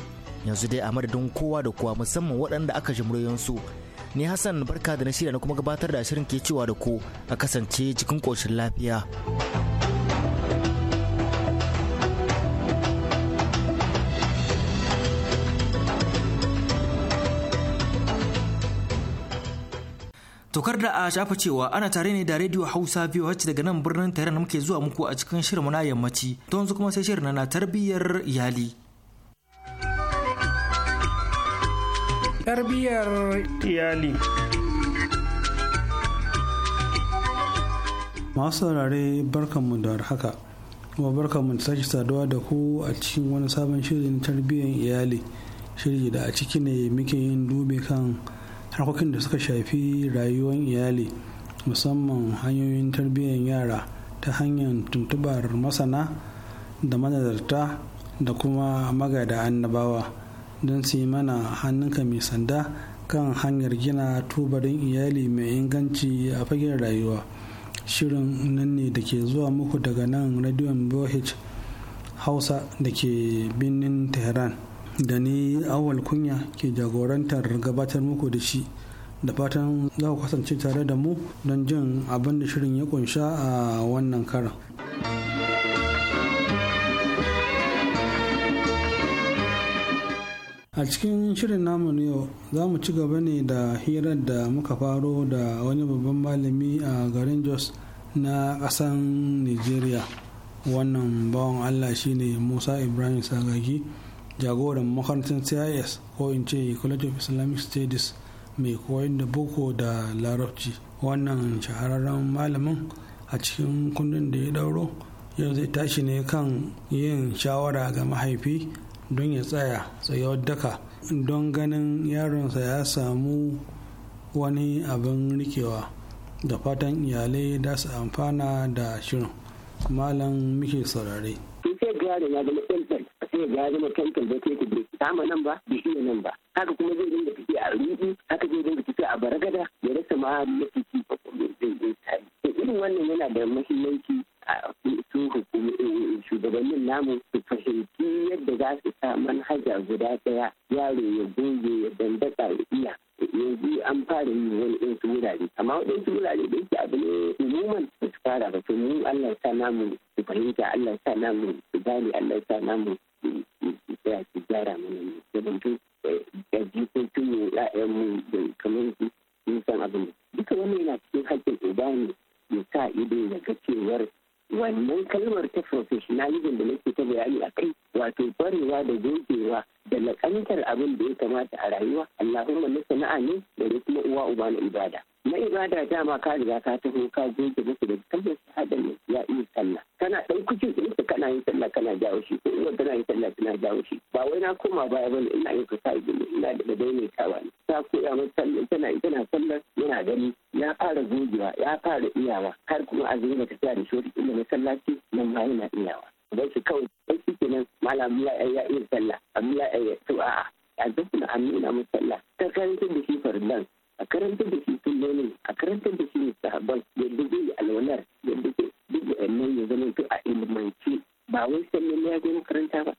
yanzu dai a madadin kowa da kowa musamman waɗanda aka jimriyansu ni hassan barka da na shirya na kuma gabatar da shirin ke cewa da ku a kasance cikin ƙoshin lafiya. Tokar da a shafa cewa ana tare ne da Radio Hausa biyu wacce daga nan birnin tare da muke zuwa muku a cikin shirin na yammaci don yanzu kuma sai shirin na tarbiyyar iyali. Tarbiyyar iyali. Masu saurare barkanmu da haka kuma barkanmu da sake saduwa da ku a cikin wani sabon shirin tarbiyyar iyali shirin da a ciki ne muke yin dube kan harkokin da suka shafi rayuwar iyali musamman hanyoyin tarbiyyar yara ta hanyar tuntubar masana da manazarta da kuma magada annabawa don su yi mana hannunka mai sanda kan hanyar gina tubarin iyali mai inganci a fagen rayuwa shirin nan ne da ke zuwa muku daga nan radio boh hausa da ke birnin tehran da ni awal kunya ke jagorantar gabatar muku da shi da fatan za ku kasance tare da mu don jin abin da shirin ya kunsha a wannan karan. a cikin shirin namu yau za mu ci gaba ne da hirar da muka faro da wani babban malami a garin jos na kasan nigeria wannan bawan allah shine musa ibrahim sagagi jagoran makarantar cis ko in ce college of islamic studies mai koyon da boko da larabci wannan shahararren malamin a cikin kundin da ya dauro yau zai tashi ne kan yin shawara ga mahaifi don ya tsaya tsayawar daka don ganin yaronsa ya samu wani abin rikewa da fatan iyalai da su amfana da shirin malam muke saurare. sai ga zama kankan zai ku bai kama nan ba bai iya nan ba haka kuma zai dinga tafiya a rudi haka zai dinga tafiya a baragada ya rasa ma mafi ci irin wannan yana da muhimmanci a su eh, shugabannin namu su fahimci yadda za su sa manhaja guda daya yaro ya goge ya dandaka ya iya yanzu an fara yi wani ɗansu wurare amma waɗansu wurare da yake abu ne umuman su fara ba mu Allah ya sa namu su fahimta Allah ya sa namu su gane Allah ya sa namu tsaya su gyara mana ne zamanto da eh, jikokin mu ya'yan mu da kamar su mun san abin duka wannan yana cikin hakkin uba ne ya sa ido ya ga cewar wannan kalmar ta professionalism da nake ta bayani a kai wato kwarewa da gogewa da lakantar abin da ya kamata a rayuwa allahumma na sana'a ne da kuma uwa uba na ibada na ibada dama ka riga ka taho ka goge musu da kalmar shahada ne ya iya sallah kana dan kucin din kana yin sallah kana jawo shi ko uwar tana yin sallah tana jawo shi ba wai na koma baya bane ina yin fasa ina da daidaitawa ne ta koya masa sallah tana tana sallar yana gani ya fara gogewa ya fara iyawa har kuma a zuwa ta tsaya da shi sallah masallaci nan ma yana iyawa bai su kawai sai kenan malam ya ya iya sallah a ya ya to a'a a dukkan an nuna mu sallah ta karantar da shi farillan a karantar da shi sunnonin a karantar da shi sahabban yadda zai yi alwalar yadda zai duk wa'annan ya zama to a ilimance ba wai sannan ya gani makaranta ba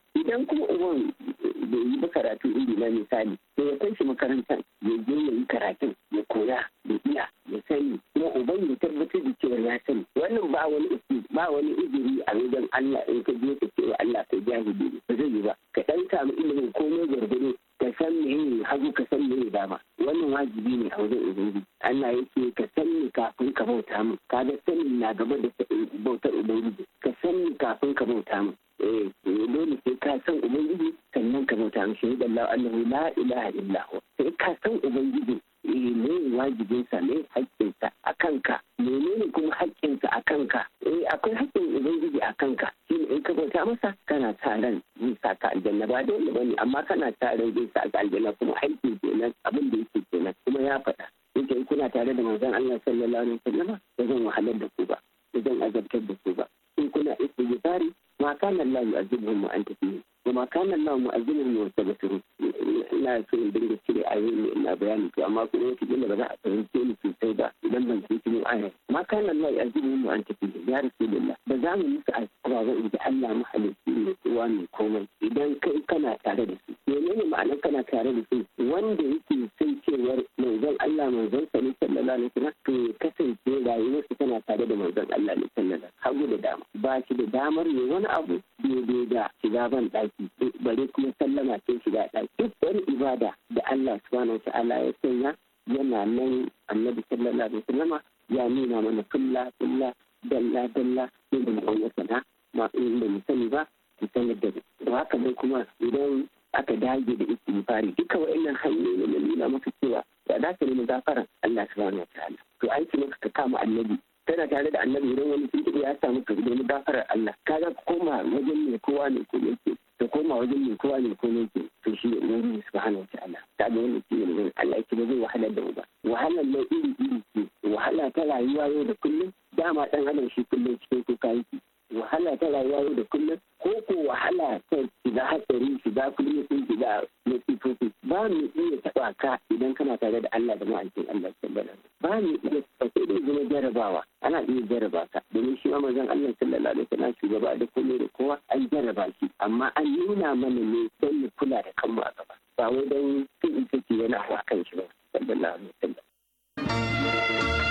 Fari duka wa'annan hanyoyi na nuna maka cewa da za ka nemi gafaran Allah subhanahu wataala to aiki maka ka kama annabi tana tare da annabi idan wani tuntuɓe ya samu ka nemi gafarar Allah ka za ka koma wajen mai kowa ne ko ne ke ka koma wajen mai kowa ne ko ne ke to shi ne wani subhanahu wataala ta ga wani ke ne Allah yake ba zai wahalar da mu ba wahalar nan iri iri ce wahala ta rayuwa yau da kullum dama dan adam shi kullum cikin kuka yake wahala ta rayuwa yau da kullum ko ko wahala ta shiga hatsari shiga kullum sun shiga musifofi ba mu iya taɓa ka idan kana tare da Allah da ma'aikin Allah sallallahu alaihi ba mu iya taɓa ka idan zama jarabawa ana iya jaraba ka domin shi ma manzon Allah sallallahu alaihi wasallam shugaba da kullum da kowa an jaraba shi amma an nuna mana ne don mu kula da kanmu a gaba ba wai don sun ita yana wa kan shi ba sallallahu alaihi wasallam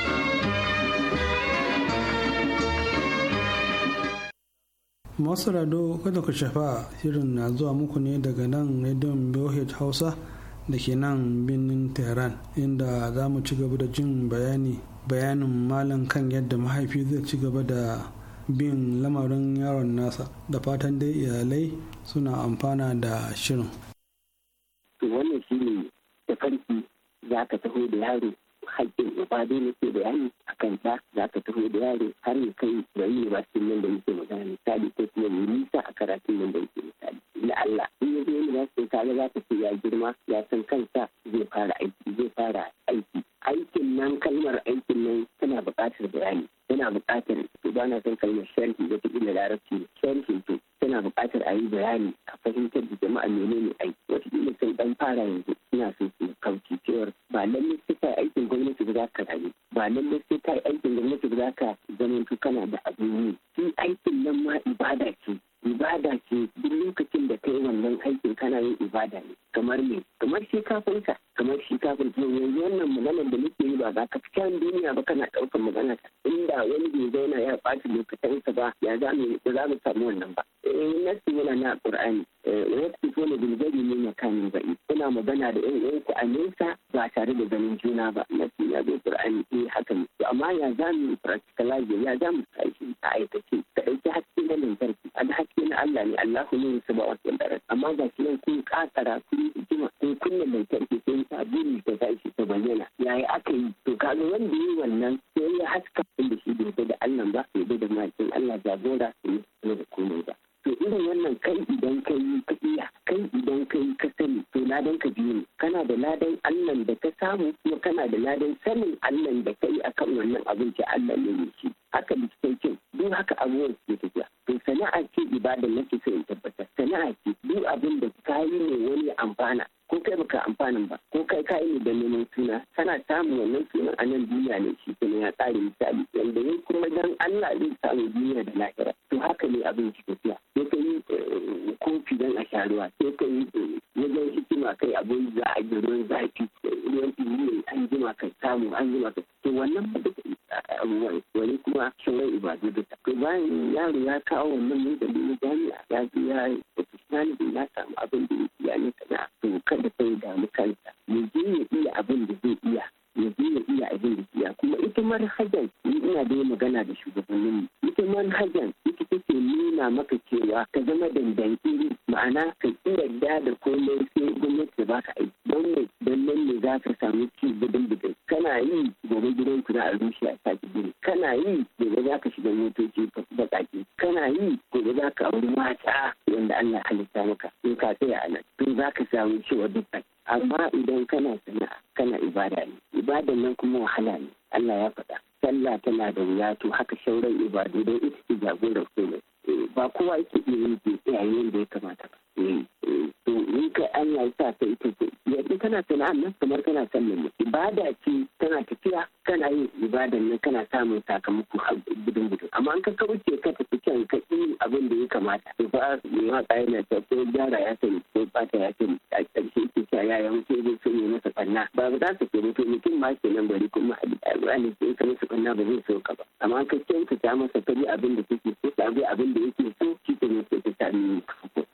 masu rado kada ku shafa shirin na zuwa muku ne daga nan radion bohet hausa da ke nan birnin tehran inda za mu ci gaba da jin bayani bayanin malam kan yadda mahaifi zai ci gaba da bin lamarin yaron nasa da fatan dai iyalai suna amfana da shirin wannan shi ne da kanki za ka taho da yaro haƙƙin uba dai ke bayani a kan ta za ka taho da yaro har ya kai ga yi bakin nan da muke magana misali ko kuma mai nisa a karatun nan da muke misali na Allah in ya zo yadda za kaga za ka ce ya girma ya san kansa zai fara aiki zai fara aiki aikin nan kalmar aikin nan tana buƙatar bayani tana buƙatar to ba na son kalmar sharhi wata ila larabci shanti to tana buƙatar a yi bayani a fahimtar da jama'a menene aiki wata ila sai ɗan fara yanzu ina so su kauce cewar ba lalle sai ka aikin gwamnati ba za ka rayu ba lalle sai ka aikin gwamnati ba za ka zamanto kana da abin yi shi aikin nan ma ibada ce ibada ke duk lokacin da yi wannan aikin kana yin ibada ne kamar me kamar shi ka kamar shi ka yanzu wannan maganar da muke yi ba za ka fi duniya ba kana ɗaukar magana ta inda wani ya zauna ya ɓaci lokacinsa ba ya za mu za samu wannan ba eh nasi yana na ƙur'ani. Eh, wasu ko ne bilgari ne na yin ba'i kuna magana da yan uwanku a nesa ba tare da ganin juna ba nasi ya zo ƙur'ani ne eh, haka ne amma ya za mu practicalize ya za mu kai a aikace ka ɗauki haske na lantarki a baki na Allah ne Allahu nuru ba wal ard amma ga kinan kun kasara kun hikima kun kunna lantarki sun sa buri ta tashi ta bayyana yi aka yi to kaga wanda yi wannan sai ya haska da shi bai da Allah ba bai da makin Allah jagora sai ya da kuma ba to irin wannan kai idan ka yi ka kai idan ka yi ka sani to ladan ka biyu ne kana da ladan allan da ka samu kuma kana da ladan sanin allan da ka yi akan wannan abin ke allah ne shi haka likitancin duk haka abubuwan ke tafiya to sana'a ce ibada nake so in tabbatar sana'a ce duk abin da kayi yi ne wani amfana ko kai baka amfanin ba ko kai ka ne da neman suna kana samun wannan sunan a nan duniya ne shi kuma ya tsare misali yanda yin kuma dan Allah zai samu duniya da lahira to haka ne abin ki tafiya sai ka yi eh, kofi dan a sharuwa sai ka yi eh, wajen hikima kai abin za a yi ruwan zafi ruwan ɗumi an jima ka samu an jima ka to wannan ba duk eh, wani kuma sauran ibadu duka to bayan yaro ya kawo wannan mun da jami'a ya je ya yi professionalism ya samu abin da ya ne kana to da sai ga je ya iya abin da zai iya ya je ya iya abin da zai iya kuma ita manhajan ni ina da magana da shugabanninmu ita manhajan ita take nuna maka cewa ka zama dandan iri ma'ana ka yarda da komai sai gwamnati ba ka aiki don ne don nan ne za ka samu ci gudun bugai kana yi gobe gidan kuna a rushe a sake gini kana yi gobe za ka shiga motoci ka kana yi gobe za ka auri mata da Allah halitta maka in ka tsaya a nan to za ka samu cewa dukkan amma idan kana sana'a kana ibada ne ibadan nan kuma wahala ne Allah ya faɗa sallah tana da wuya to haka shauran ibadu don ita ce jagorar komai eh, ba kowa yake iya yin da ya kamata ba to ni ka Allah sa ta ita yanzu kana sana'an nan kamar tana sallan mu ibada ce tana tafiya kana yin ibadan nan kana samun sakamako a gudun gudun amma an ka kauce ka tafi can ka yi abin da ya kamata to fa me ma kai ta ko gyara ya sani ko fata ya sani a ƙarshe ke cewa ya ya mutu zai so ne masa fanna ba ba za su ke mutu mutum ma ke nan bari kuma alƙalin in ka masa fanna ba zai so ka ba amma ka kyautata masa kari abin da kake so ka abin da yake so shi ne sai ka sami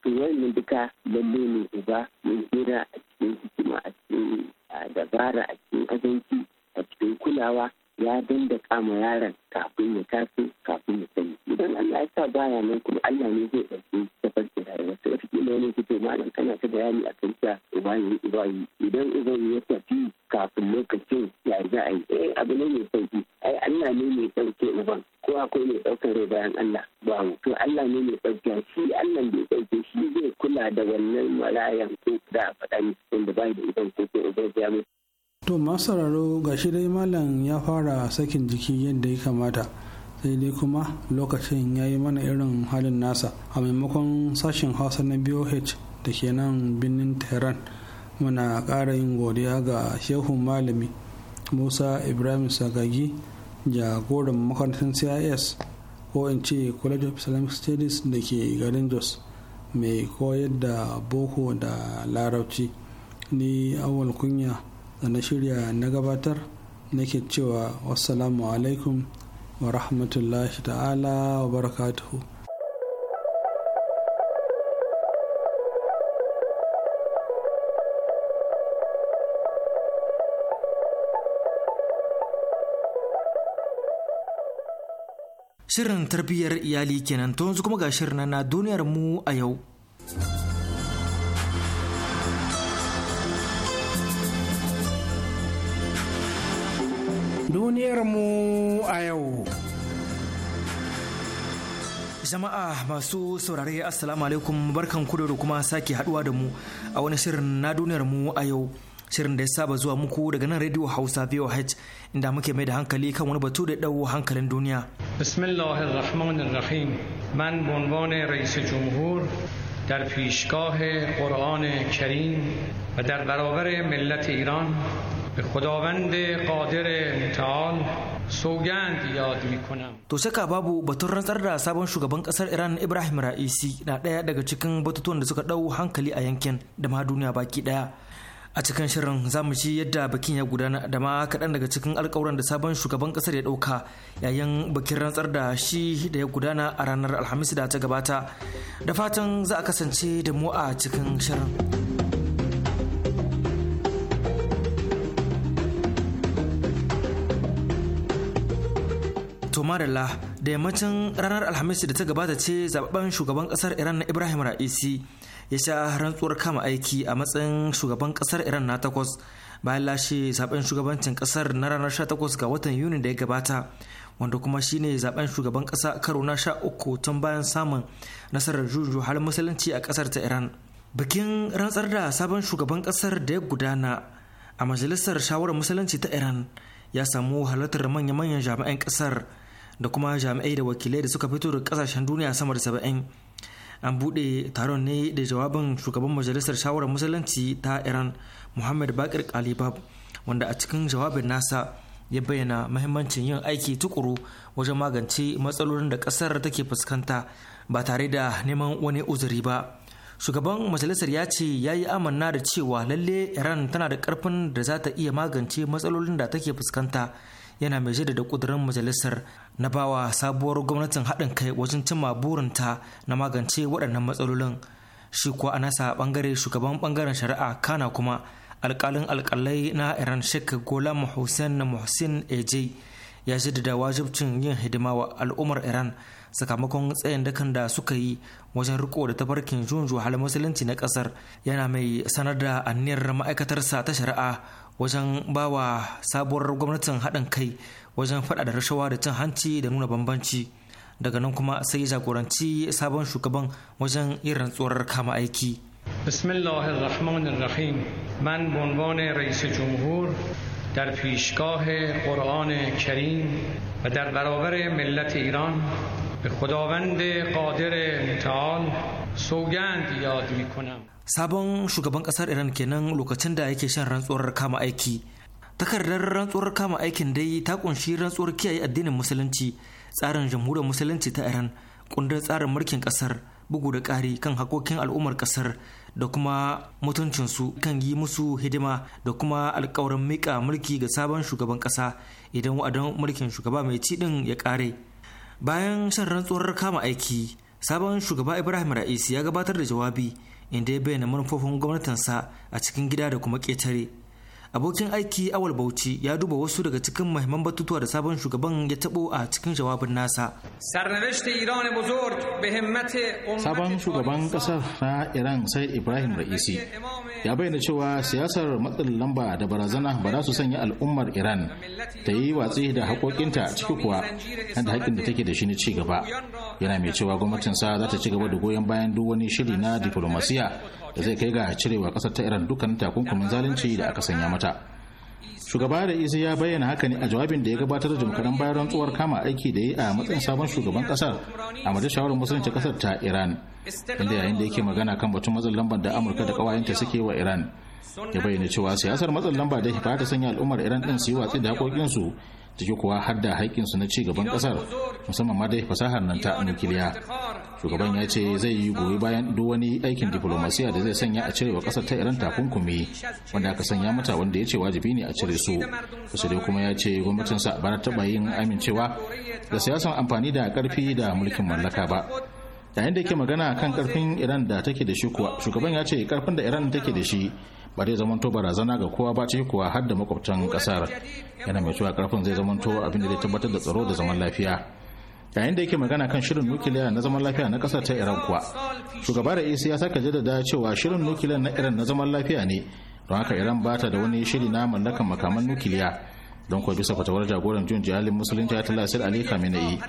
to wannan duka lalle ne uba mai hira a cikin hikima a cikin dabara a cikin azanci a cikin kulawa ya danda kama yaran kafin ya taso kafin ya sani idan Allah ya sa baya nan kuma Allah ne zai ɗauki tafar da rayuwa wasu wata kila ne fito malam kana ta bayani a kan ta uba ne uba yi. idan uban ya tafi kafin lokacin ya za a yi eh abu ne mai sauki ai Allah ne mai ɗauke uban ko akwai mai ɗaukar rai bayan Allah ba to Allah ne mai ɗauka shi Allah bai ɗauke shi zai kula da wannan marayan ko da faɗa ne wanda ba da idan ko ko uban ya mutu. To masararo gashi dai malam ya fara sakin jiki yadda ya kamata sai dai kuma lokacin ya yi mana irin halin nasa a maimakon sashen hausa na boh da ke nan birnin tehran muna ƙara yin godiya ga shehun malami musa ibrahim sagagi jagoran makarantar cis ko in ce college of islamic studies da ke garin jos mai koyar da boko da larabci ni awal kunya da na shirya na gabatar nake cewa wassalamu alaikum wa rahmatullahi ta'ala wa barakatuhu Shirin tarbiyyar iyali kenan to yanzu kuma ga shirin na duniyar mu a yau. Duniyar mu a yau. Jama'a masu saurare Assalamu alaikum barkan kudu da kuma sake haduwa da mu a wani shirin na duniyar mu a yau. shirin da ya saba zuwa muku daga nan radio hausa voh inda muke mai da hankali kan wani batu da dawo hankalin duniya. در پیشگاه قرآن کریم و در برابر ملت ایران به خداوند قادر متعال سوگند یاد می کنم تو بابو بطور رنسر را سابان شوگا بانک اصر ایران ابراهیم رئیسی نا دیا دگا چکن بطور تون دسوکا دو حنکلی آینکن دمها دونیا باکی دیا a cikin shirin za mu ji yadda bikin ya gudana da ma kaɗan daga cikin alkawuran da sabon shugaban ƙasar ya ɗauka yayin bikin rantsar da shi da ya gudana a ranar alhamis da ta gabata da fatan za a kasance da mu a cikin shirin Tomarilla da yammacin ranar alhamis da ta gabata ce zababben shugaban ƙasar iran na ibrahim ra'isi ya sha rantsuwar kama aiki a matsayin shugaban kasar iran na takwas bayan lashe zaben shugabancin kasar na ranar sha 18 ga watan yuni da ya gabata wanda kuma shine zaben shugaban kasa karo na 13 tun bayan samun nasarar juju har musulunci a kasar ta iran bikin rantsar da sabon shugaban kasar da ya gudana a majalisar shawarar musulunci ta iran ya samu halartar manya-manyan jami'an kasar da kuma jami'ai da wakilai da suka fito daga kasashen duniya sama da saba'in an buɗe taron ne da jawabin shugaban majalisar shawarar musulunci ta iran muhammad bakir kalibab wanda a cikin jawabin nasa ya bayyana mahimmancin yin aiki tukuru wajen magance matsalolin da ƙasar take fuskanta ba tare da neman wani uzuri ba shugaban majalisar ya ce ya yi amanna da cewa lalle iran tana da karfin da za ta iya magance matsalolin da take fuskanta yana mai jaddada kudurin majalisar na bawa sabuwar gwamnatin haɗin kai wajen cimma burinta na magance waɗannan matsalolin shi kuwa a nasa bangare shugaban bangaren shari'a kana kuma alkalin alkalai na iran sheikh golam hussein muhsin eje ya jaddada wajibcin yin hidima wa al'ummar iran sakamakon tsayin dakan da suka yi wajen riko da tabarkin junju hal musulunci na ƙasar, yana mai sanar da aniyar ma'aikatarsa ta shari'a wajen bawa sabuwar gwamnatin haɗin kai wajen faɗa da rashawa da cin hanci da nuna bambanci daga nan kuma sai ya jagoranci sabon shugaban wajen yin rantsuwar kama aiki بسم الله الرحمن الرحیم من به عنوان رئیس جمهور در پیشگاه قرآن کریم و در برابر ملت ایران به خداوند قادر متعال سوگند یاد می کنم sabon shugaban kasar iran kenan lokacin da yake shan rantsuwar kama aiki takardar rantsuwar kama aikin dai ta kunshi rantsuwar kiyaye addinin musulunci tsarin jamhuriyar musulunci ta iran kundin tsarin mulkin kasar bugu da ƙari kan hakokin al'ummar kasar da kuma mutuncinsu kan yi musu hidima da kuma alkawarin mika mulki ga sabon shugaban ƙasa, idan wa'adin mulkin shugaba mai ci din ya kare bayan shan rantsuwar kama aiki sabon shugaba ibrahim ra'isi ya gabatar da jawabi inda ya bayyana manufofin gwamnatinsa a cikin gida da kuma ƙetare abokin aiki awal bauchi ya duba wasu daga cikin mahimman batutuwa da sabon shugaban ya tabo a cikin jawabin nasa sabon shugaban kasar na iran sai ibrahim ra'isi ya bayyana cewa siyasar matsin lamba da barazana ba za su sanya al'ummar iran ta yi watsi da haƙoƙinta ciki kuwa da haƙƙin da take da shi ne cigaba yana mai cewa gwamnatinsa za ta ci gaba da goyon bayan duk wani shiri na diplomasiya da zai kai ga cirewa kasar ta iran dukkan takunkumin zalunci da aka sanya mata shugaba da isa ya bayyana haka ne a jawabin da ya gabatar da jimkaran bayan rantsuwar kama aiki da ya a matsayin sabon shugaban kasar a madar shawarar musulunci kasar ta iran inda yayin da yake magana kan batun matsin lambar da amurka da kawayenta suke wa iran ya bayyana cewa siyasar matsin lamba da ke fata sanya al'ummar iran din su yi watsi da haƙoƙinsu ciki kuwa har da haƙƙinsu na ci gaban ƙasar musamman ma dai fasahar nan ta nukiliya shugaban ya ce zai yi goyi bayan duk wani aikin diplomasiya da zai sanya a cire wa ƙasar ta iran takunkumi wanda aka sanya mata wanda ya ce wajibi ne a cire su wasu dai kuma ya ce gwamnatinsa ba ta taɓa yin amincewa da siyasan amfani da ƙarfi da mulkin mallaka ba yayin da ke magana kan karfin iran da take da shi kuwa shugaban ya ce karfin da iran take da shi ba zai zamanto barazana ga kowa ba ciki kuwa har da makwabtan kasar yana mai cewa karfin zai zamanto abin da zai tabbatar da tsaro da zaman lafiya yayin da yake magana kan shirin nukiliya na zaman lafiya na kasar ta iran kuwa shugaba da isa ya saka jaddada cewa shirin nukiliya na iran na zaman lafiya ne don haka iran ba ta da wani shiri na mallakan makaman nukiliya don kuwa bisa fatawar jagoran jun jihalin musulunci ya lasir ali khamenei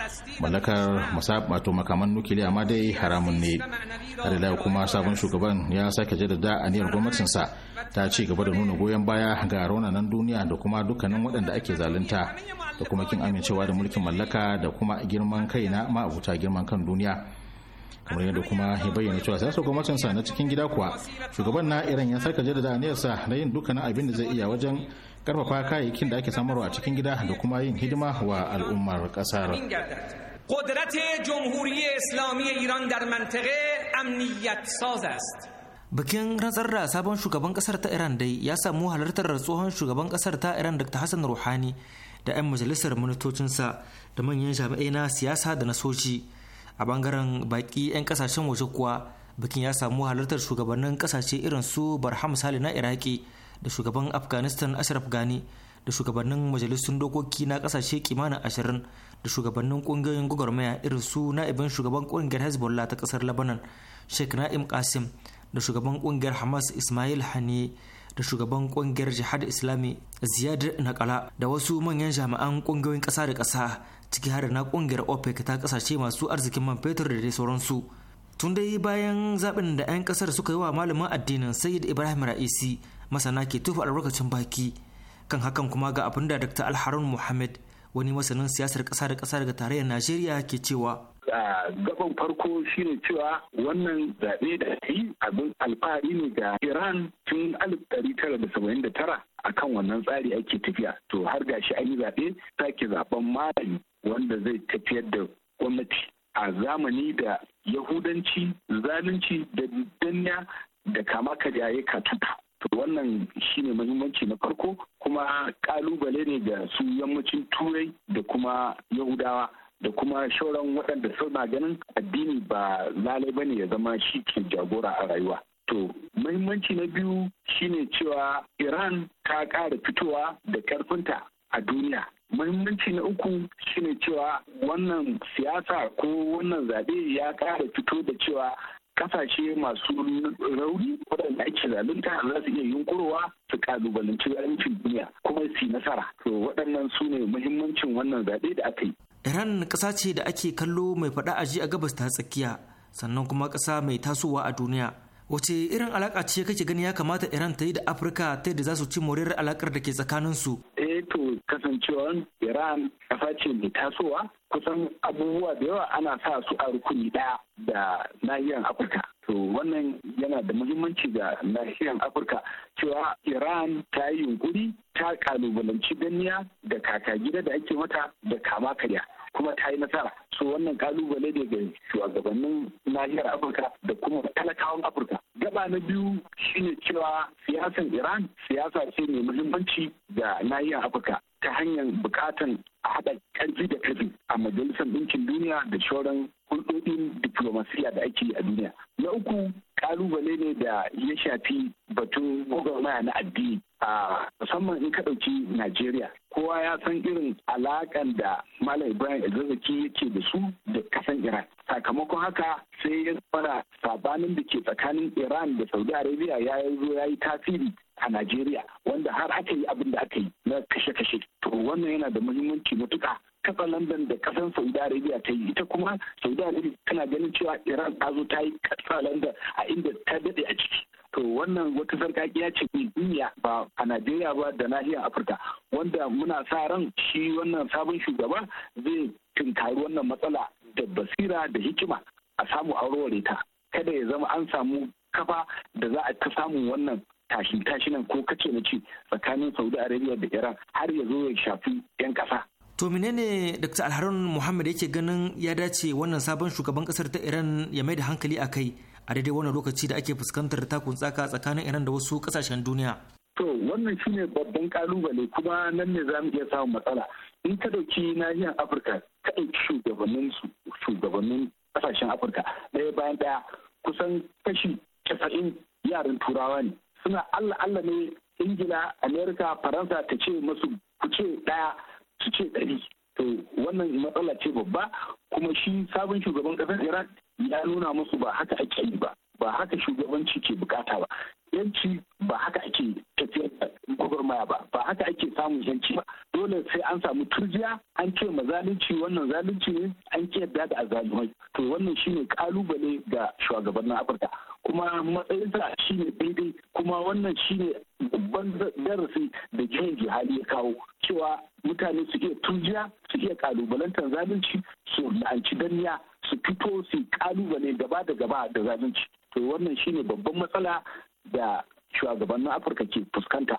mallakar masabato makaman nukiliya ma dai haramun ne har kuma sabon shugaban ya sake jaddada aniyar gwamnatinsa ta ci gaba da nuna goyon baya ga raunanan duniya da kuma dukkanin waɗanda ake zalunta da kuma kin amincewa da mulkin mallaka da kuma girman kai na ma'abuta girman kan duniya kamar yadda kuma ya bayyana cewa sai gwamnatin sa na cikin gida kuwa shugaban na iran ya saka jaddada aniyarsa na yin dukkanin abin da zai iya wajen karfafa kayayyakin da ake samarwa a cikin gida da kuma yin hidima wa al'ummar kasar قدرت جمهوری اسلامی ایران در منطقه امنیت ساز است Bikin rantsar da sabon shugaban kasar ta Iran dai ya samu halartar tsohon shugaban kasar ta Iran Dr. Hassan ruhani da 'yan majalisar ministocinsa da manyan jami'ai na siyasa da na soji. A bangaren baki 'yan kasashen waje kuwa bikin ya samu halartar shugabannin kasashe irin su Barham Sale na Iraki da shugaban Afghanistan Ashraf Ghani da shugabannin majalisun dokoki na kasashe kimanin ashirin da shugabannin kungiyoyin gwagwarmaya irin su na'ibin shugaban kungiyar Hezbollah ta kasar Lebanon Sheikh Na'im Qasim da shugaban kungiyar hamas ismail hani da shugaban kungiyar jihad islami ziyad nakala da wasu manyan jami'an kungiyoyin kasa da kasa ciki har na kungiyar opec ta kasashe masu arzikin man fetur da dai su. tun dai bayan zaɓin da 'yan ƙasar suka yi wa malamin addinin sayyid ibrahim ra'isi masana ke tufa albarkacin baki kan hakan kuma ga abinda da dr alharun muhammad wani masanin siyasar kasa da kasa daga tarayyar najeriya ke cewa a gaban farko shine cewa wannan zaɓe da yi abin alfahari ne ga Iran tun 1979 kan wannan tsari ake tafiya to har shi an yi zaɓe sake zaɓen malami wanda zai tafiyar da gwamnati a zamani da yahudanci zalunci da Danya da kama karya ya katutu to wannan shine mahimmanci na farko kuma kalubale ne ga su yammacin turai da kuma yahudawa da kuma shauran waɗanda suna ganin addini ba lalai ba ne ya zama shi ke jagora a rayuwa. To, muhimmanci na biyu shine cewa Iran ta ƙara fitowa da ƙarfinta a duniya. Muhimmanci na uku shine cewa wannan siyasa ko wannan zaɓe ya ƙara fito da cewa kasashe masu rauni waɗanda ake zalunta za su iya yunkurowa su kalubalanci zalincin duniya kuma su nasara to waɗannan su ne muhimmancin wannan zaɓe da aka yi iran ƙasa ce da ake kallo mai faɗa aji a gabas ta tsakiya sannan kuma ƙasa mai tasowa a duniya wace irin alaka ce kake gani ya kamata iran ta yi da afirka ta yadda za su ci moriyar alakar da ke tsakanin su eh to kasancewar iran kasa ce mai tasowa kusan abubuwa da yawa ana sa su a rukuni daya da nahiyar afirka to wannan yana da muhimmanci ga nahiyar afirka cewa iran ta yi yunkuri ta kalubalanci danniya da kaka gida da ake mata da kama karya kuma ta yi nasara so wannan kalubale ne ga shugabannin nahiyar afirka da kuma talakawan afirka gaba na biyu shine cewa siyasan iran siyasa ce mai muhimmanci ga nahiyar afirka ta hanyar bukatan a haɗa ƙarfi da ƙarfi a majalisar ɗinkin duniya da shoran hulɗoɗin diplomasiya da ake a duniya na uku kalubale ne da ya shafi batun gwagwarmaya na addini a musamman in ka ɗauki Najeriya kowa ya san irin alakan da Malam Ibrahim Elzazaki yake da su da kasan Iran. Sakamakon haka sai ya fara sabanin da ke tsakanin Iran da Saudi Arabia ya zo ya yi tasiri a Najeriya wanda har aka yi abin da aka yi na kashe-kashe. To wannan yana da muhimmanci matuƙa kasar London da kasar Saudi Arabia ta yi ita kuma Saudi Arabia tana ganin cewa Iran ta zo ta yi kasar London a inda ta daɗe a ciki. to wannan wata sarkakiya ce duniya ba a najeriya ba da nahiyar afirka wanda muna sa ran shi wannan sabon shugaba zai tunkari wannan matsala da basira da hikima a samu aurore ta kada ya zama an samu kafa da za a ta samu wannan tashi tashi nan ko kace na ci tsakanin saudi arabia da iran har ya zo ya shafi yan kasa to menene dr alharun muhammad yake ganin ya dace wannan sabon shugaban kasar ta iran ya mai da hankali a kai a daidai wannan lokaci da ake fuskantar takun tsaka tsakanin iran da wasu kasashen duniya to wannan shi ne babban kalubale kuma nan ne za mu iya samun matsala in ka dauki nahiyar afirka ka ɗauki shugabannin shugabannin kasashen afirka ɗaya bayan ɗaya kusan kashi casa'in yaran turawa ne suna allah allah ne ingila amerika faransa ta ce masu ku ce ɗaya su ce ɗari to wannan matsala ce babba kuma shi sabon shugaban ƙasar iraq ya nuna musu ba haka ake yi ba ba haka shugabanci ke bukata ba yanci ba haka ake tafiyar da gwagwarmaya ba ba haka ake samun yanci ba dole sai an samu turjiya an ce ma zalunci wannan zalunci ne an ke yadda da azalumai to wannan shine kalubale ga shugabannin afirka kuma matsayinsa shine daidai kuma wannan shine babban darasi da jihar jihadi ya kawo cewa mutane su iya turjiya su iya kalubalantar zalunci su la'anci danniya su fito su kalubale gaba da gaba da zalunci to wannan shine babban matsala da shugabannin afirka ke fuskanta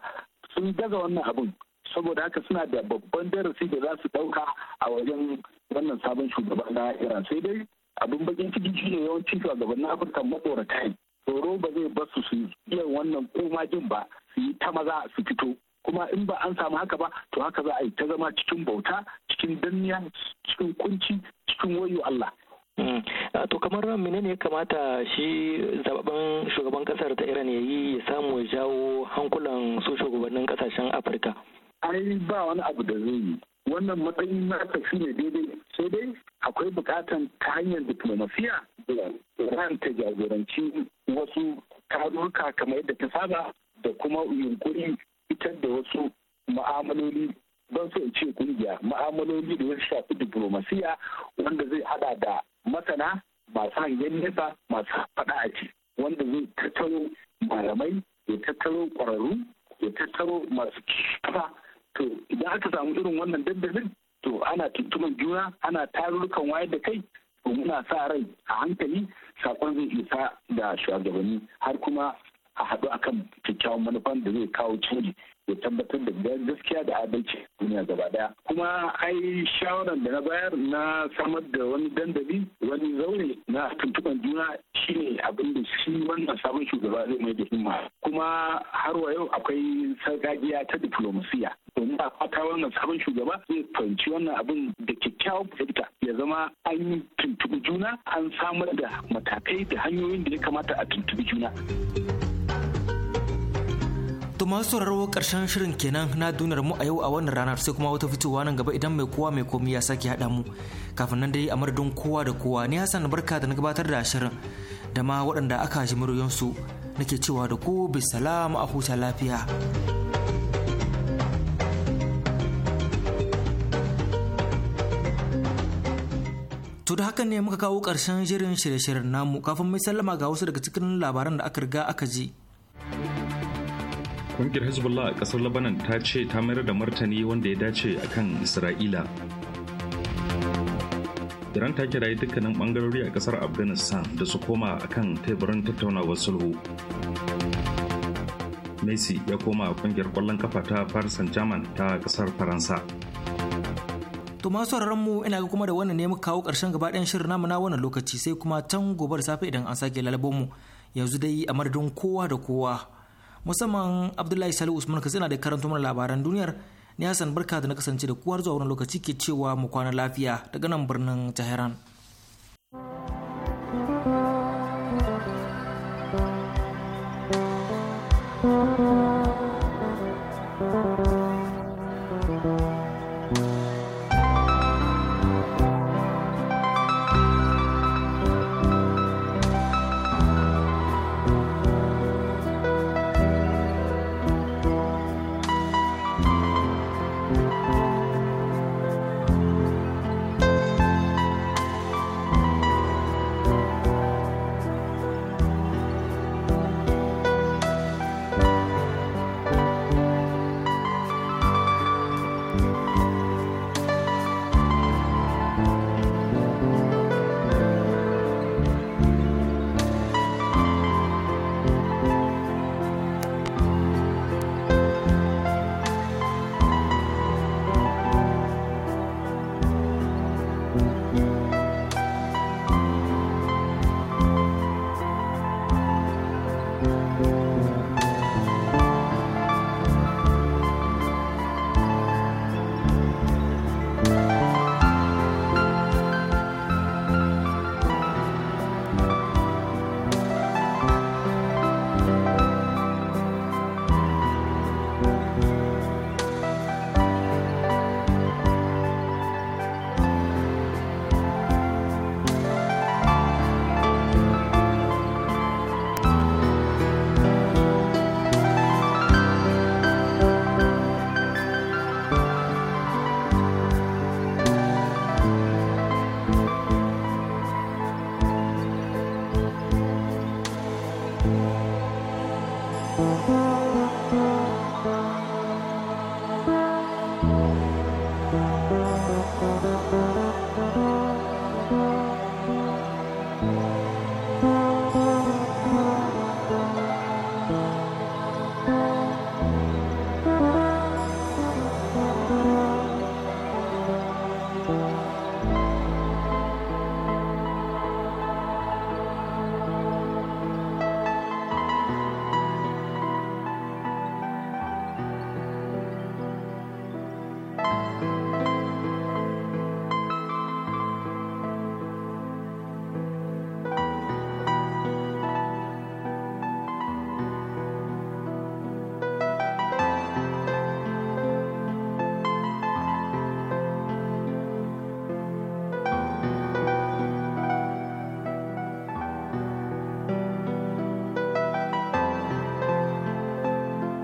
sun daga wannan abin saboda haka suna da babban darasi da za su dauka a wajen wannan sabon shugaban na iran sai dai abin bakin ciki shine yawancin shugabannin afirka matsorata ne tsoro ba zai basu su iya wannan jin ba su yi ta maza su fito kuma in ba an samu haka ba to haka za a yi ta zama cikin bauta cikin danniya cikin kunci cikin wayo Allah Mm. Ah, to kamar menene ya kamata shi zababben shugaban kasar ta iran ya yi ya samu ya jawo hankulan su shugabannin kasashen afirka ai ba wani abu da zai yi wannan matsayin na shi ne daidai sai dai akwai bukatan ta hanyar diplomasiya da iran ta jagoranci wasu tarurruka kamar da ta saba da kuma yunkuri fitar da wasu ma'amaloli don so ce kungiya ma'amaloli da ya shafi diplomasiya wanda zai hada da masana masu hangen nesa masu faɗa a ce wanda zai tattaro malamai ya tattaro ƙwararru ya tattaro masu kifa to idan aka samu irin wannan dandalin to ana tuntuman juna ana tarurrukan wayar da kai to muna sa rai a hankali saƙon zai isa da shugabanni har kuma a haɗu akan kyakkyawan manufan da zai kawo canji ya tabbatar da gaskiya da adalci duniya gaba daya kuma ai shawaran da na bayar na samar da wani dandali wani zaure na tuntuban juna shine abin da shi wannan sabon shugaba zai mai da himma kuma har wa yau akwai sarƙaƙiya ta diplomasiya domin a fata wannan sabon shugaba zai fahimci wannan abin da kyakkyawan fahimta ya zama an tuntubi juna an samar da matakai da hanyoyin da ya kamata a tuntubi juna. To masu sauraro karshen shirin kenan na dunar mu a yau a wannan ranar sai kuma wata fitowa nan gaba idan mai kowa mai komi ya sake haɗa mu. Kafin nan dai a madadin kowa da kowa ni Hassan barka da na gabatar da shirin da ma waɗanda aka ji muryoyinsu nake cewa da ku salama a huta lafiya. To da hakan ne muka kawo ƙarshen shirin shirye-shiryen namu kafin mai sallama ga wasu daga cikin labaran da aka riga aka ji. Ƙungiyar Hezbollah a ƙasar Labanan ta ce ta mayar da martani wanda ya dace kan Isra'ila. Iran ta kiraye dukkanin bangarori a kasar Afghanistan da su koma akan teburin tattaunawar sulhu. Messi ya koma ƙungiyar kwallon kafa ta Paris Saint-Germain ta ƙasar Faransa. To masu sauraron mu ina ga kuma da wannan ne muka kawo karshen gaba ɗayan shirin namu na wannan lokaci sai kuma can gobe da safe idan an sake lalabon mu yanzu dai a madadin kowa da kowa musamman abdullahi salu usman ka da karanto mana labaran duniyar ni hassan barka da na kasance da kuwar zuwa wani lokaci ke cewa mu kwana lafiya daga nan birnin tehran